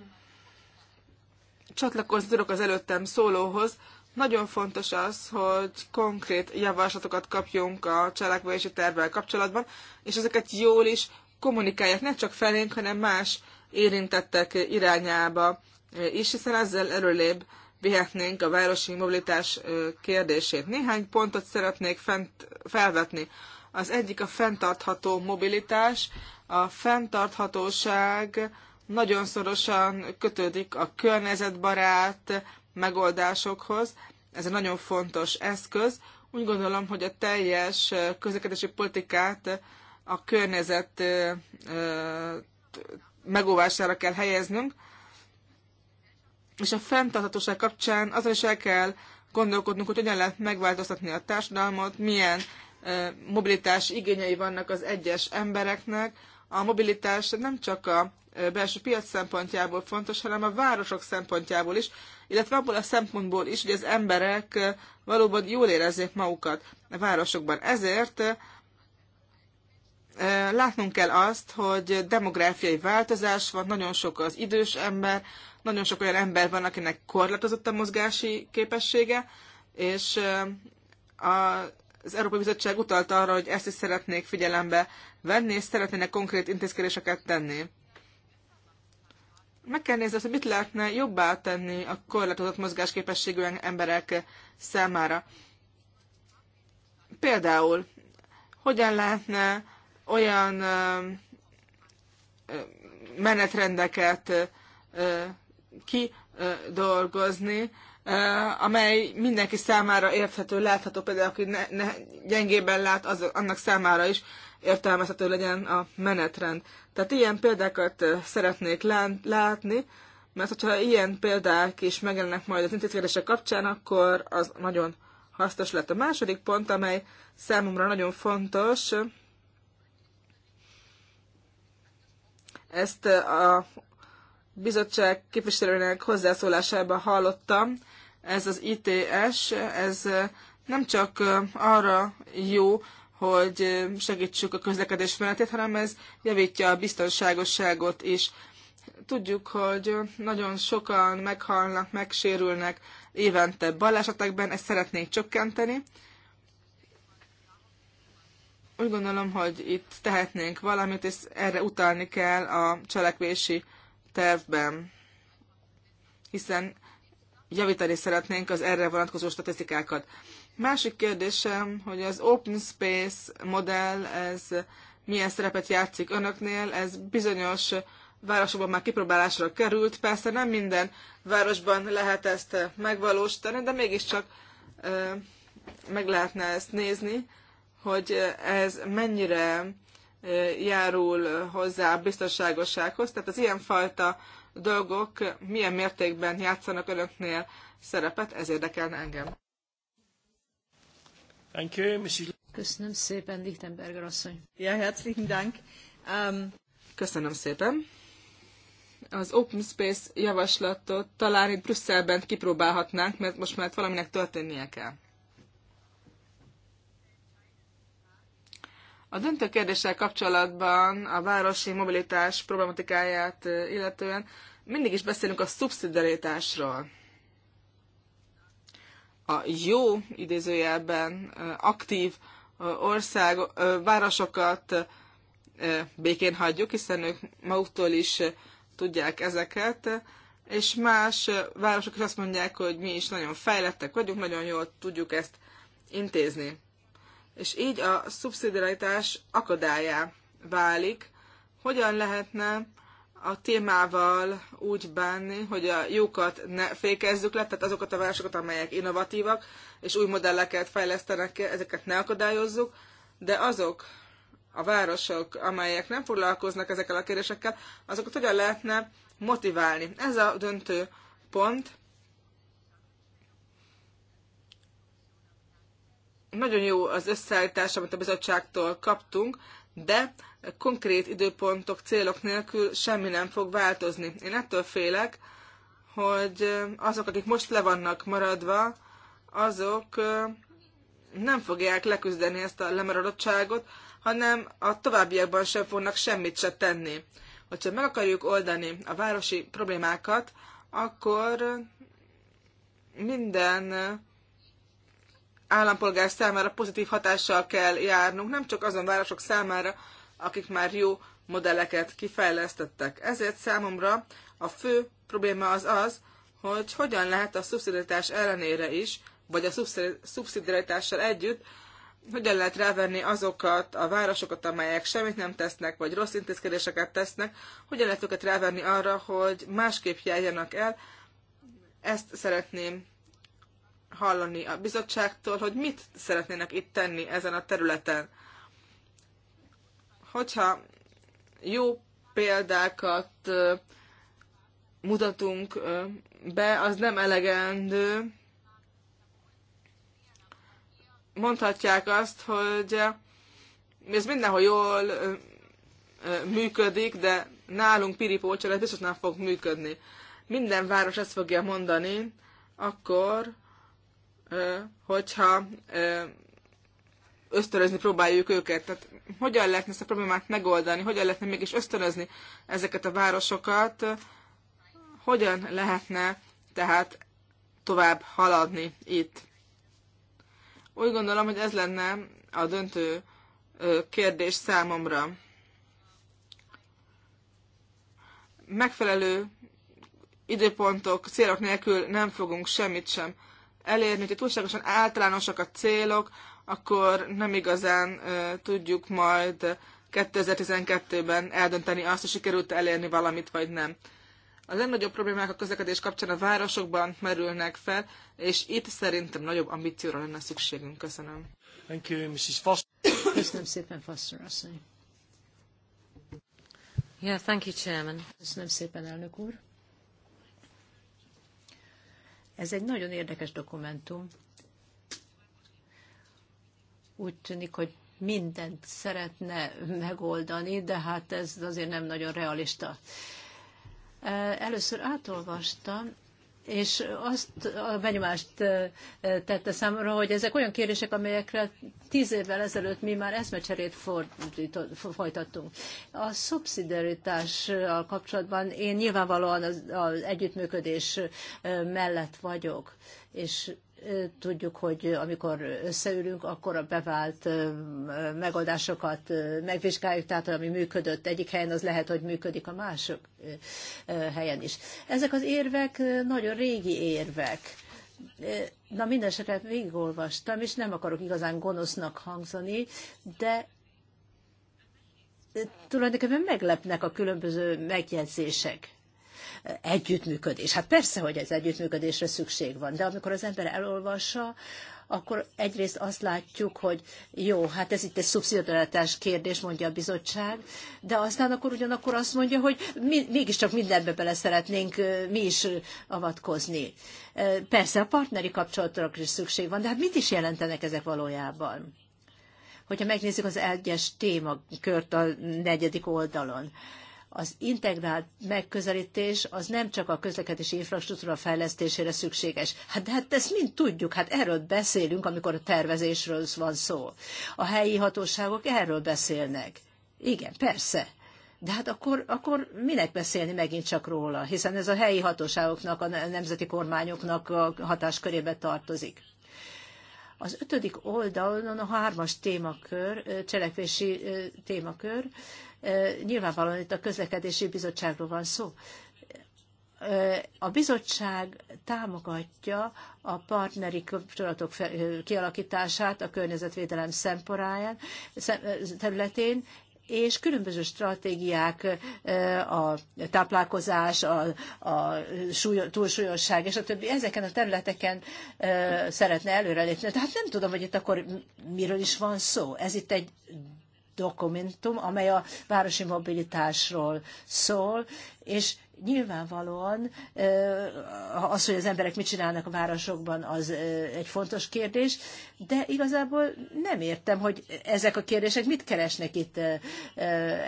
Csatlakozni tudok az előttem szólóhoz. Nagyon fontos az, hogy konkrét javaslatokat kapjunk a cselekvési tervvel kapcsolatban, és ezeket jól is kommunikálják, nem csak felénk, hanem más érintettek irányába is, hiszen ezzel előrébb vihetnénk a városi mobilitás kérdését. Néhány pontot szeretnék fent, felvetni. Az egyik a fenntartható mobilitás. A fenntarthatóság nagyon szorosan kötődik a környezetbarát megoldásokhoz. Ez egy nagyon fontos eszköz. Úgy gondolom, hogy a teljes közlekedési politikát a környezet megóvására kell helyeznünk, és a fenntarthatóság kapcsán azon is el kell gondolkodnunk, hogy hogyan lehet megváltoztatni a társadalmat, milyen mobilitás igényei vannak az egyes embereknek. A mobilitás nem csak a belső piac szempontjából fontos, hanem a városok szempontjából is, illetve abból a szempontból is, hogy az emberek valóban jól érezzék magukat a városokban. Ezért látnunk kell azt, hogy demográfiai változás van, nagyon sok az idős ember, nagyon sok olyan ember van, akinek korlátozott a mozgási képessége, és az Európai Bizottság utalta arra, hogy ezt is szeretnék figyelembe venni, és szeretnének konkrét intézkedéseket tenni. Meg kell nézni, hogy mit lehetne jobbá tenni a korlátozott mozgásképességű emberek számára. Például, hogyan lehetne olyan menetrendeket kidolgozni, amely mindenki számára érthető, látható, például aki ne, ne, gyengében lát, az, annak számára is értelmezhető legyen a menetrend. Tehát ilyen példákat szeretnék látni, mert hogyha ilyen példák is megjelennek majd az intézkedések kapcsán, akkor az nagyon hasznos lett. A második pont, amely számomra nagyon fontos, Ezt a bizottság képviselőnek hozzászólásában hallottam. Ez az ITS, ez nem csak arra jó, hogy segítsük a közlekedés menetét, hanem ez javítja a biztonságosságot is. Tudjuk, hogy nagyon sokan meghalnak, megsérülnek évente balesetekben, ezt szeretnénk csökkenteni, úgy gondolom, hogy itt tehetnénk valamit, és erre utalni kell a cselekvési tervben, hiszen javítani szeretnénk az erre vonatkozó statisztikákat. Másik kérdésem, hogy az Open Space modell, ez milyen szerepet játszik önöknél, ez bizonyos városokban már kipróbálásra került, persze nem minden városban lehet ezt megvalósítani, de mégiscsak ö, meg lehetne ezt nézni, hogy ez mennyire járul hozzá a biztonságossághoz, tehát az ilyenfajta dolgok milyen mértékben játszanak önöknél szerepet, ez érdekelne engem. Köszönöm szépen, Lichtenberger asszony. Ja, herzlichen Dank. Um... Köszönöm szépen. Az Open Space javaslatot talán itt Brüsszelben kipróbálhatnánk, mert most már valaminek történnie kell. A döntő kérdéssel kapcsolatban a városi mobilitás problematikáját illetően mindig is beszélünk a szubszidaritásról. A jó idézőjelben aktív ország, városokat békén hagyjuk, hiszen ők maguktól is tudják ezeket, és más városok is azt mondják, hogy mi is nagyon fejlettek vagyunk, nagyon jól tudjuk ezt intézni és így a szubszidiaritás akadályá válik. Hogyan lehetne a témával úgy bánni, hogy a jókat ne fékezzük le, tehát azokat a városokat, amelyek innovatívak, és új modelleket fejlesztenek ezeket ne akadályozzuk, de azok a városok, amelyek nem foglalkoznak ezekkel a kérdésekkel, azokat hogyan lehetne motiválni. Ez a döntő pont, Nagyon jó az összeállítás, amit a bizottságtól kaptunk, de konkrét időpontok, célok nélkül semmi nem fog változni. Én ettől félek, hogy azok, akik most le vannak maradva, azok nem fogják leküzdeni ezt a lemaradottságot, hanem a továbbiakban sem fognak semmit se tenni. Hogyha meg akarjuk oldani a városi problémákat, akkor minden állampolgár számára pozitív hatással kell járnunk, nem csak azon városok számára, akik már jó modelleket kifejlesztettek. Ezért számomra a fő probléma az az, hogy hogyan lehet a szubszidiaritás ellenére is, vagy a szubszidiaritással együtt, hogyan lehet rávenni azokat a városokat, amelyek semmit nem tesznek, vagy rossz intézkedéseket tesznek, hogyan lehet őket rávenni arra, hogy másképp járjanak el. Ezt szeretném hallani a bizottságtól, hogy mit szeretnének itt tenni ezen a területen. Hogyha jó példákat mutatunk be, az nem elegendő. Mondhatják azt, hogy ez mindenhol jól működik, de nálunk piripócsol, ez biztos nem fog működni. Minden város ezt fogja mondani, akkor hogyha ösztönözni próbáljuk őket. Tehát hogyan lehetne ezt a problémát megoldani, hogyan lehetne mégis ösztönözni ezeket a városokat, hogyan lehetne tehát tovább haladni itt. Úgy gondolom, hogy ez lenne a döntő kérdés számomra. Megfelelő időpontok, célok nélkül nem fogunk semmit sem elérni, hogyha túlságosan általánosak a célok, akkor nem igazán tudjuk majd 2012-ben eldönteni azt, hogy sikerült -e elérni valamit, vagy nem. A legnagyobb problémák a közlekedés kapcsán a városokban merülnek fel, és itt szerintem nagyobb ambícióra lenne szükségünk. Köszönöm. Thank you, Mrs. Foster. Köszönöm szépen, Foster asszony. Yeah, thank you, Chairman. Köszönöm szépen, elnök úr. Ez egy nagyon érdekes dokumentum. Úgy tűnik, hogy mindent szeretne megoldani, de hát ez azért nem nagyon realista. Először átolvastam, és azt a benyomást tette számomra, hogy ezek olyan kérdések, amelyekre tíz évvel ezelőtt mi már eszmecserét folytattunk. A szubszidiaritással kapcsolatban én nyilvánvalóan az, az együttműködés mellett vagyok, és tudjuk, hogy amikor összeülünk, akkor a bevált megoldásokat megvizsgáljuk, tehát ami működött egyik helyen, az lehet, hogy működik a másik helyen is. Ezek az érvek nagyon régi érvek. Na mindesetre végigolvastam, és nem akarok igazán gonosznak hangzani, de tulajdonképpen meglepnek a különböző megjegyzések együttműködés. Hát persze, hogy ez együttműködésre szükség van, de amikor az ember elolvassa, akkor egyrészt azt látjuk, hogy jó, hát ez itt egy szubszidiaritás kérdés, mondja a bizottság, de aztán akkor ugyanakkor azt mondja, hogy mi, mégiscsak mindenbe bele szeretnénk mi is avatkozni. Persze a partneri kapcsolatokra is szükség van, de hát mit is jelentenek ezek valójában? Hogyha megnézzük az egyes témakört a negyedik oldalon az integrált megközelítés az nem csak a közlekedési infrastruktúra fejlesztésére szükséges. Hát, de hát ezt mind tudjuk, hát erről beszélünk, amikor a tervezésről van szó. A helyi hatóságok erről beszélnek. Igen, persze. De hát akkor, akkor minek beszélni megint csak róla, hiszen ez a helyi hatóságoknak, a nemzeti kormányoknak a hatáskörébe tartozik. Az ötödik oldalon a hármas témakör, cselekvési témakör, Nyilvánvalóan itt a közlekedési bizottságról van szó. A bizottság támogatja a partneri kapcsolatok kialakítását a környezetvédelem szemporáján, területén, és különböző stratégiák, a táplálkozás, a, a súlyo, túlsúlyosság és a többi, ezeken a területeken szeretne előrelépni. Tehát nem tudom, hogy itt akkor miről is van szó. Ez itt egy dokumentum, amely a városi mobilitásról szól, és nyilvánvalóan az, hogy az emberek mit csinálnak a városokban, az egy fontos kérdés, de igazából nem értem, hogy ezek a kérdések mit keresnek itt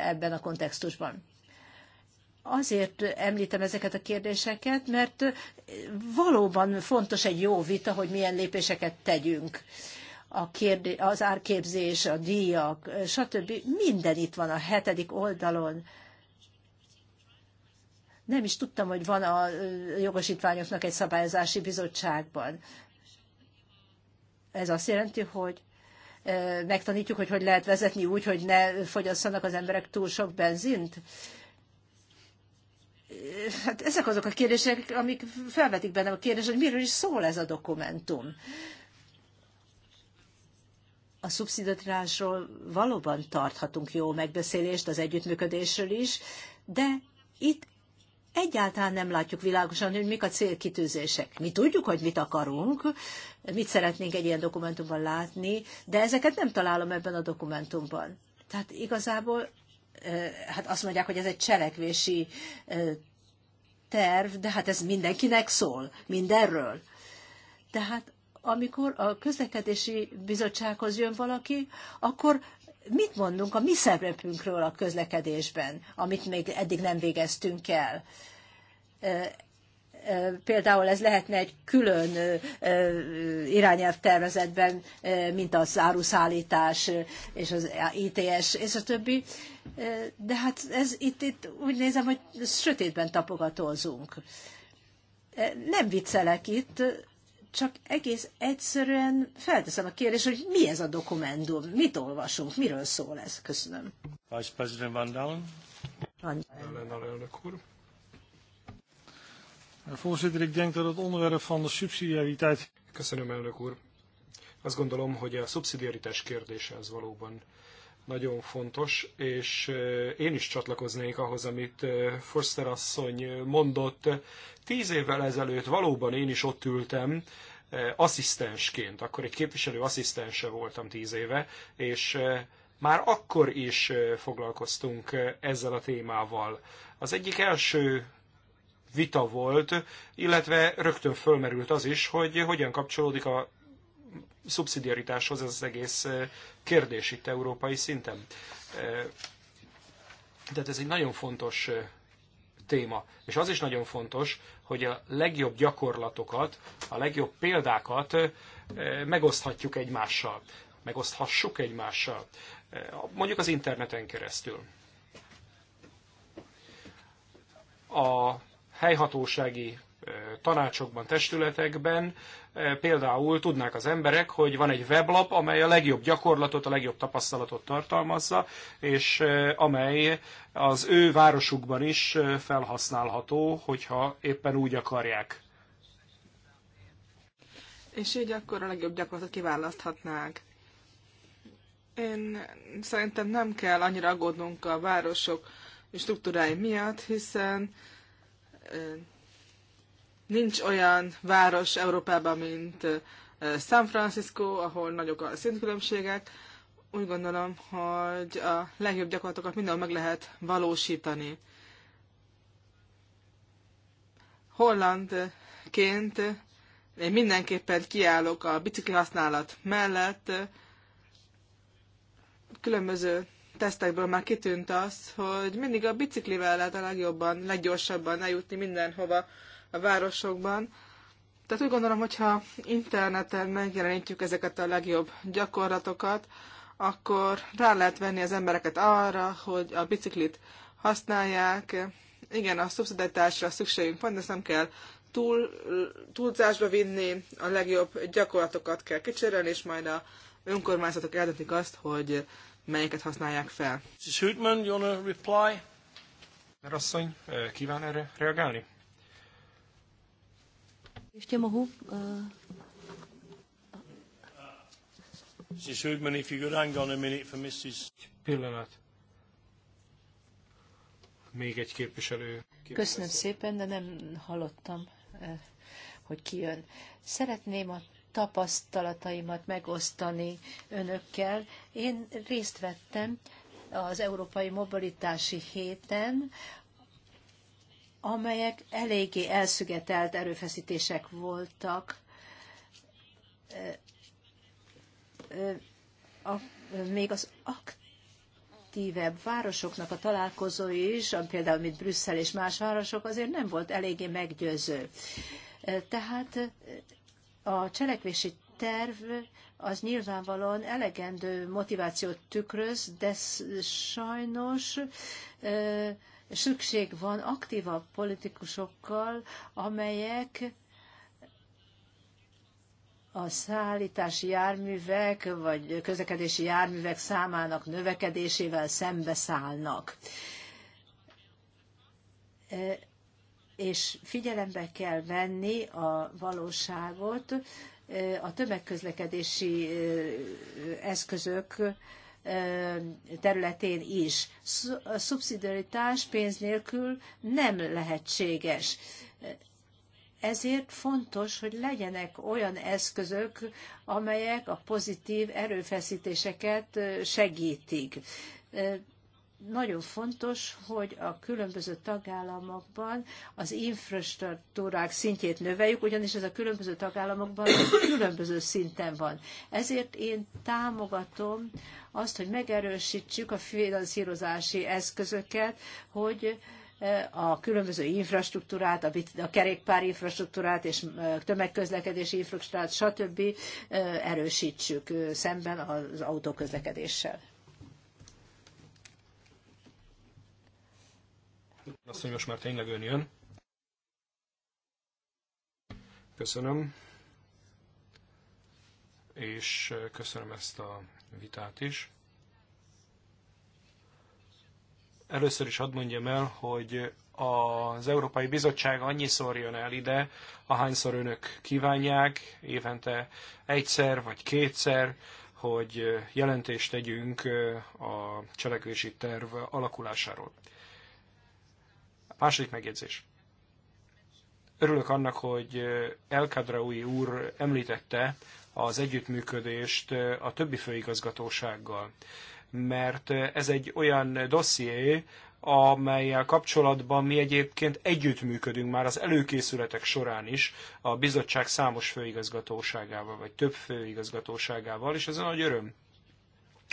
ebben a kontextusban. Azért említem ezeket a kérdéseket, mert valóban fontos egy jó vita, hogy milyen lépéseket tegyünk a kérdé, az árképzés, a díjak, stb. Minden itt van a hetedik oldalon. Nem is tudtam, hogy van a jogosítványoknak egy szabályozási bizottságban. Ez azt jelenti, hogy megtanítjuk, hogy hogy lehet vezetni úgy, hogy ne fogyasszanak az emberek túl sok benzint. Hát ezek azok a kérdések, amik felvetik bennem a kérdés, hogy miről is szól ez a dokumentum a szubszidatrásról valóban tarthatunk jó megbeszélést, az együttműködésről is, de itt egyáltalán nem látjuk világosan, hogy mik a célkitűzések. Mi tudjuk, hogy mit akarunk, mit szeretnénk egy ilyen dokumentumban látni, de ezeket nem találom ebben a dokumentumban. Tehát igazából hát azt mondják, hogy ez egy cselekvési terv, de hát ez mindenkinek szól, mindenről. Tehát amikor a közlekedési bizottsághoz jön valaki, akkor mit mondunk a mi szerepünkről a közlekedésben, amit még eddig nem végeztünk el? Például ez lehetne egy külön irányelvtervezetben, mint az áruszállítás és az ITS és a többi. De hát ez itt, itt úgy nézem, hogy sötétben tapogatózunk. Nem viccelek itt, csak egész egyszerűen felteszem a kérdést, hogy mi ez a dokumentum, mit olvasunk, miről szól ez. Köszönöm. Vice President Van Dalen. Van Dalen, Voorzitter, ik denk dat het onderwerp van de subsidiariteit... Köszönöm, elnök úr. Azt gondolom, hogy a szubszidiaritás kérdése az valóban nagyon fontos, és eh, én is csatlakoznék ahhoz, amit eh, Forster asszony mondott. Tíz évvel ezelőtt valóban én is ott ültem, eh, asszisztensként, akkor egy képviselő asszisztense voltam tíz éve, és már akkor is foglalkoztunk ezzel a témával. Az egyik első vita volt, illetve rögtön fölmerült az is, hogy hogyan kapcsolódik a szubszidiaritáshoz ez az egész kérdés itt európai szinten. Tehát ez egy nagyon fontos téma. És az is nagyon fontos, hogy a legjobb gyakorlatokat, a legjobb példákat megoszthatjuk egymással, megoszthassuk egymással, mondjuk az interneten keresztül. A helyhatósági tanácsokban, testületekben Például tudnák az emberek, hogy van egy weblap, amely a legjobb gyakorlatot, a legjobb tapasztalatot tartalmazza, és amely az ő városukban is felhasználható, hogyha éppen úgy akarják. És így akkor a legjobb gyakorlatot kiválaszthatnák. Én szerintem nem kell annyira aggódnunk a városok struktúrái miatt, hiszen Nincs olyan város Európában, mint San Francisco, ahol nagyok a szintkülönbségek. Úgy gondolom, hogy a legjobb gyakorlatokat mindenhol meg lehet valósítani. Hollandként én mindenképpen kiállok a bicikli használat mellett. Különböző tesztekből már kitűnt az, hogy mindig a biciklivel lehet a legjobban, leggyorsabban eljutni mindenhova a városokban. Tehát úgy gondolom, hogyha interneten megjelenítjük ezeket a legjobb gyakorlatokat, akkor rá lehet venni az embereket arra, hogy a biciklit használják. Igen, a szubszidatásra szükségünk van, de ezt nem kell túl, túlzásba vinni, a legjobb gyakorlatokat kell kicsérelni, és majd a önkormányzatok eldöntik azt, hogy melyeket használják fel. Mrs. Hütman, you to reply? Mert asszony, kíván erre reagálni? Ještě mohu... Eh, Mrs. if you could hang on a minute for Mrs. Pillanat. Még egy képviselő. Köszönöm szépen, de nem hallottam, eh, hogy kijön. Szeretném a tapasztalataimat megosztani önökkel. Én részt vettem az Európai Mobilitási Héten, amelyek eléggé elszügetelt erőfeszítések voltak. A, még az aktívebb városoknak a találkozói is, például mint Brüsszel és más városok, azért nem volt eléggé meggyőző. Tehát a cselekvési terv az nyilvánvalóan elegendő motivációt tükröz, de sajnos szükség van aktívabb politikusokkal, amelyek a szállítási járművek vagy közlekedési járművek számának növekedésével szembeszállnak. E, és figyelembe kell venni a valóságot, e, a tömegközlekedési e, eszközök területén is. A Szubszidiaritás pénz nélkül nem lehetséges. Ezért fontos, hogy legyenek olyan eszközök, amelyek a pozitív erőfeszítéseket segítik nagyon fontos, hogy a különböző tagállamokban az infrastruktúrák szintjét növeljük, ugyanis ez a különböző tagállamokban különböző szinten van. Ezért én támogatom azt, hogy megerősítsük a finanszírozási eszközöket, hogy e, a különböző infrastruktúrát, a, bit, a kerékpár infrastruktúrát és e, tömegközlekedési infrastruktúrát, stb. E, erősítsük szemben az autóközlekedéssel. Azt, mondja, most már tényleg ön jön. Köszönöm. És köszönöm ezt a vitát is. Először is hadd mondjam el, hogy az Európai Bizottság annyiszor jön el ide, ahányszor önök kívánják, évente egyszer vagy kétszer, hogy jelentést tegyünk a cselekvési terv alakulásáról. Második megjegyzés. Örülök annak, hogy El Kadraui úr említette az együttműködést a többi főigazgatósággal, mert ez egy olyan dosszié, amelyel kapcsolatban mi egyébként együttműködünk már az előkészületek során is a bizottság számos főigazgatóságával, vagy több főigazgatóságával, és ez a nagy öröm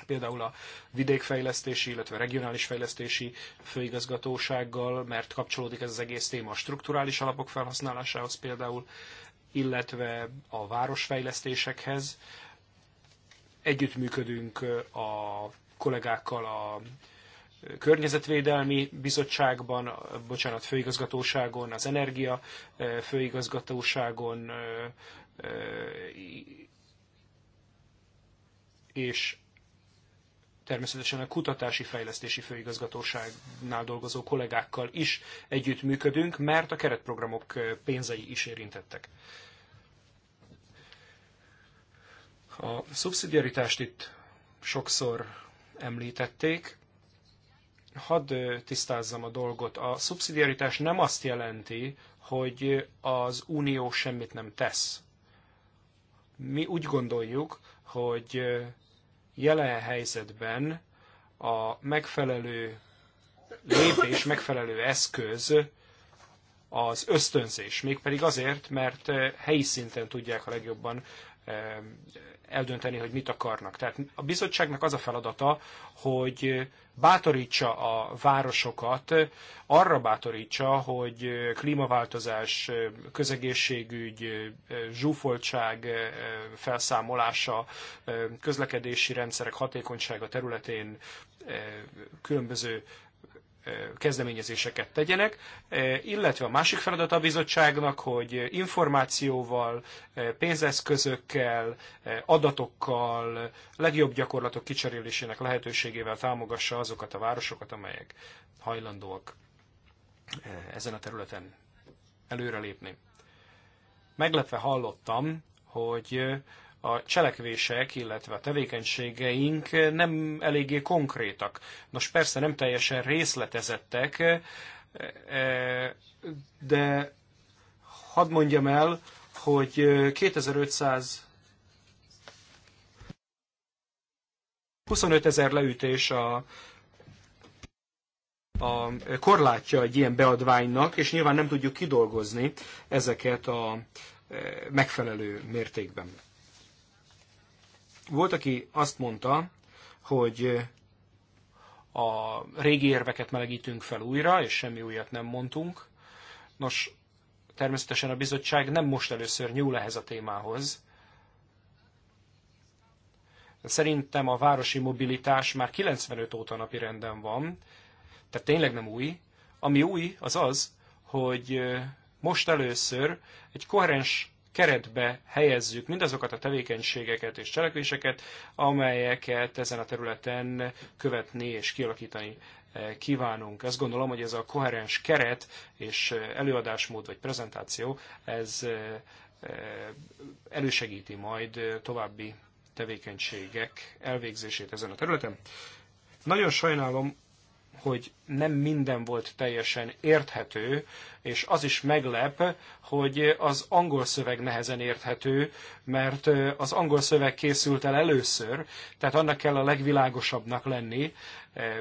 például a vidékfejlesztési, illetve regionális fejlesztési főigazgatósággal, mert kapcsolódik ez az egész téma a strukturális alapok felhasználásához például, illetve a városfejlesztésekhez. Együttműködünk a kollégákkal a környezetvédelmi bizottságban, bocsánat, főigazgatóságon, az energia főigazgatóságon, és természetesen a Kutatási Fejlesztési Főigazgatóságnál dolgozó kollégákkal is együttműködünk, mert a keretprogramok pénzei is érintettek. A szubszidiaritást itt sokszor említették. Hadd tisztázzam a dolgot. A szubszidiaritás nem azt jelenti, hogy az Unió semmit nem tesz. Mi úgy gondoljuk, hogy jelen helyzetben a megfelelő lépés, megfelelő eszköz az ösztönzés, mégpedig azért, mert helyi szinten tudják a legjobban eldönteni, hogy mit akarnak. Tehát a bizottságnak az a feladata, hogy bátorítsa a városokat, arra bátorítsa, hogy klímaváltozás, közegészségügy, zsúfoltság felszámolása, közlekedési rendszerek hatékonysága területén eh, különböző kezdeményezéseket tegyenek, illetve a másik feladat a bizottságnak, hogy információval, pénzeszközökkel, adatokkal, legjobb gyakorlatok kicserélésének lehetőségével támogassa azokat a városokat, amelyek hajlandóak ezen a területen előrelépni. Meglepve hallottam, hogy a cselekvések, illetve a tevékenységeink nem eléggé konkrétak. Nos, persze nem teljesen részletezettek, e, de hadd mondjam el, hogy 2500 25 ezer leütés a, a korlátja egy ilyen beadványnak, és nyilván nem tudjuk kidolgozni ezeket a e, megfelelő mértékben. Volt, aki azt mondta, hogy a régi érveket melegítünk fel újra, és semmi újat nem mondtunk. Nos, természetesen a bizottság nem most először nyúl ehhez a témához. Szerintem a városi mobilitás már 95 óta napi renden van, tehát tényleg nem új. Ami új, az az, hogy most először egy koherens keretbe helyezzük mindazokat a tevékenységeket és cselekvéseket, amelyeket ezen a területen követni és kialakítani eh, kívánunk. Ezt gondolom, hogy ez a koherens keret és eh, előadásmód vagy prezentáció, ez eh, elősegíti majd további tevékenységek elvégzését ezen a területen. Nagyon sajnálom, hogy nem minden volt teljesen érthető, és az is meglep, hogy az angol szöveg nehezen érthető, mert az angol szöveg készült el először, tehát annak kell a legvilágosabbnak lenni,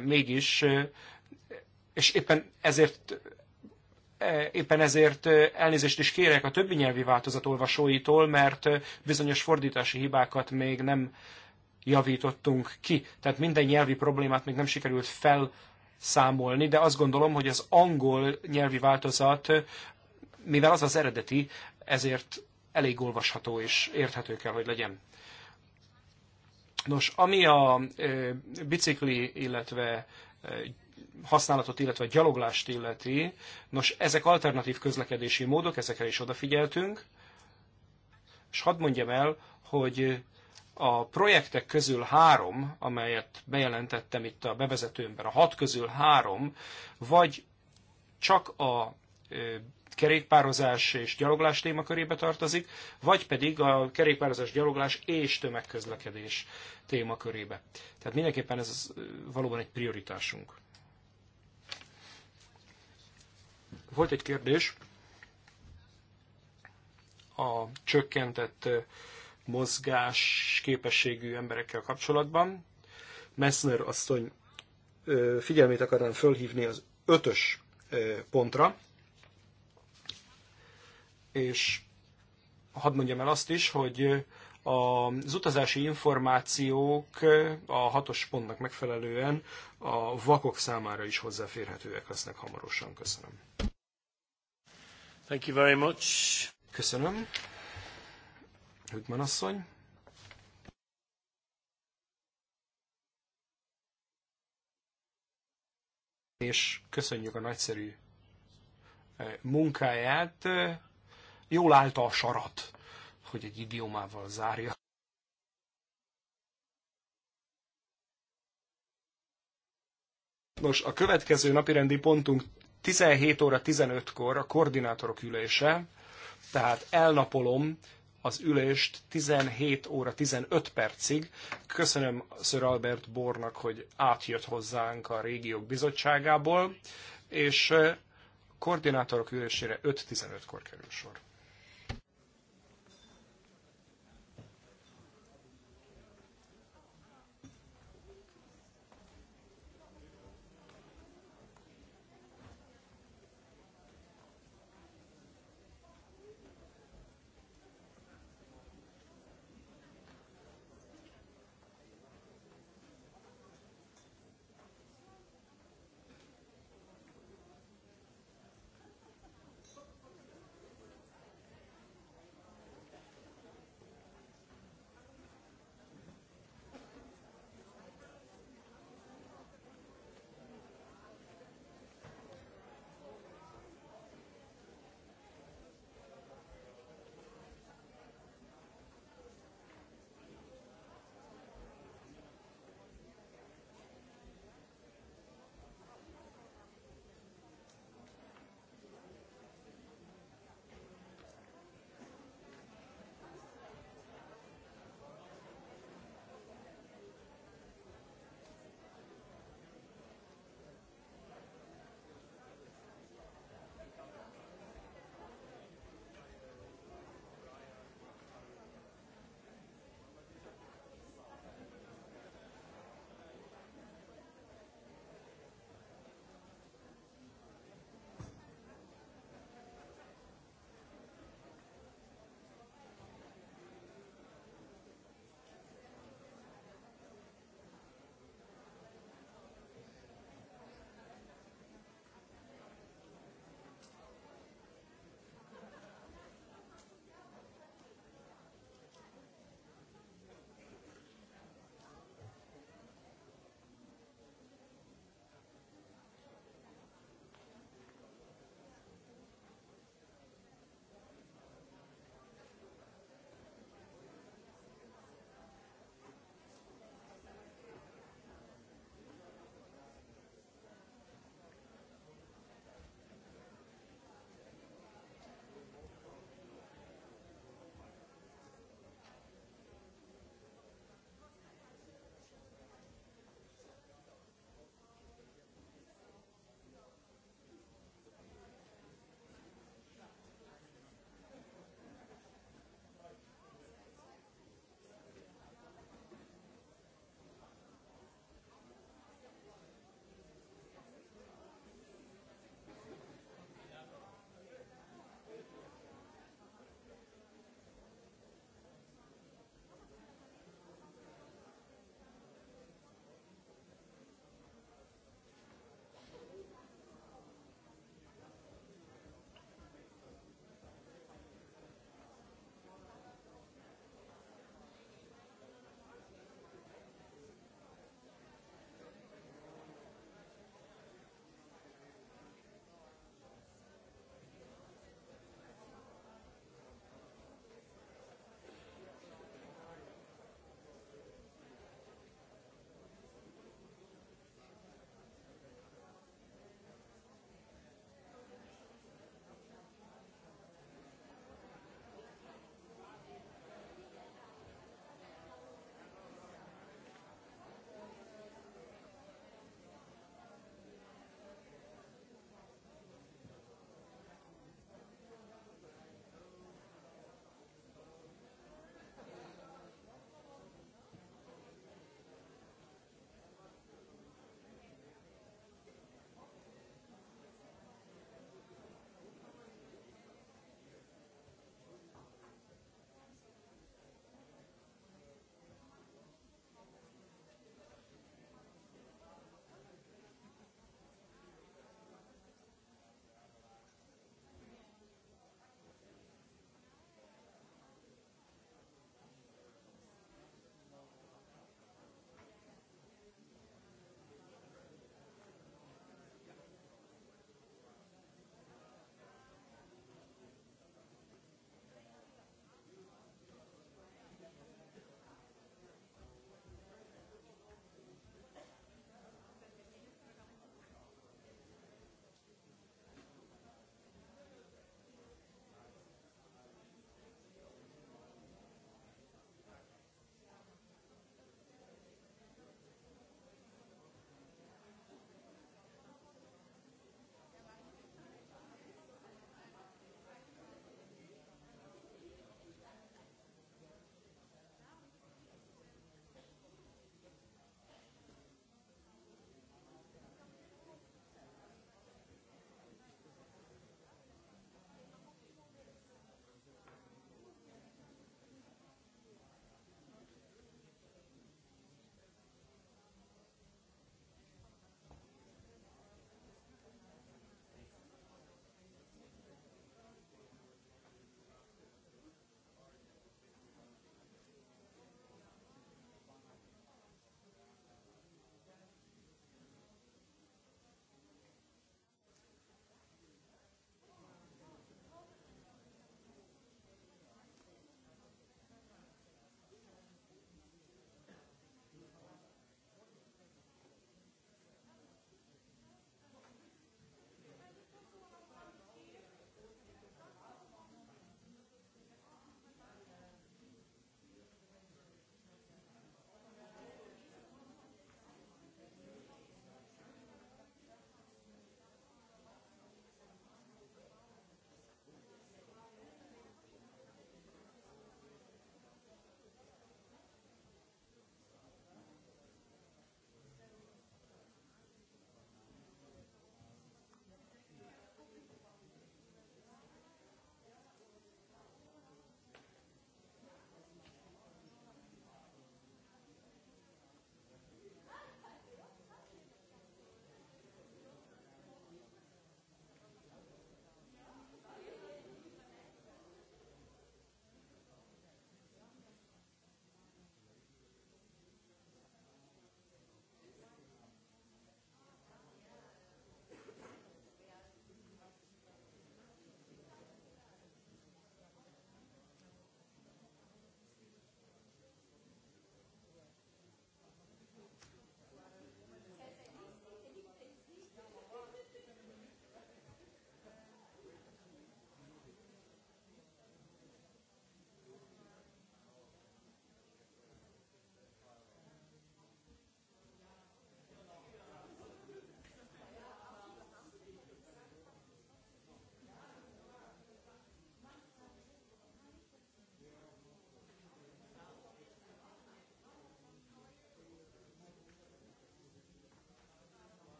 mégis, és éppen ezért éppen ezért elnézést is kérek a többi nyelvi változat olvasóitól, mert bizonyos fordítási hibákat még nem javítottunk ki. Tehát minden nyelvi problémát még nem sikerült fel számolni, de azt gondolom, hogy az angol nyelvi változat, mivel az az eredeti, ezért elég olvasható és érthető kell, hogy legyen. Nos, ami a bicikli, illetve használatot, illetve gyaloglást illeti, nos, ezek alternatív közlekedési módok, ezekre is odafigyeltünk, és hadd mondjam el, hogy a projektek közül három, amelyet bejelentettem itt a bevezetőmben, a hat közül három, vagy csak a kerékpározás és gyaloglás témakörébe tartozik, vagy pedig a kerékpározás, gyaloglás és tömegközlekedés témakörébe. Tehát mindenképpen ez valóban egy prioritásunk. Volt egy kérdés a csökkentett mozgás képességű emberekkel kapcsolatban. Messner asszony figyelmét akarnám fölhívni az ötös pontra, és hadd mondjam el azt is, hogy az utazási információk a hatos pontnak megfelelően a vakok számára is hozzáférhetőek lesznek hamarosan. Köszönöm. Thank you very much. Köszönöm. Hükman asszony. És köszönjük a nagyszerű eh, munkáját. Eh, jól állta a sarat, hogy egy idiomával zárja. Nos, a következő napirendi pontunk 17 óra 15-kor a koordinátorok ülése, tehát elnapolom az ülést 17 óra 15 percig. Köszönöm Sir Albert Bornak, hogy átjött hozzánk a régiók bizottságából, és eh, koordinátorok ülésére 5-15-kor kerül sor.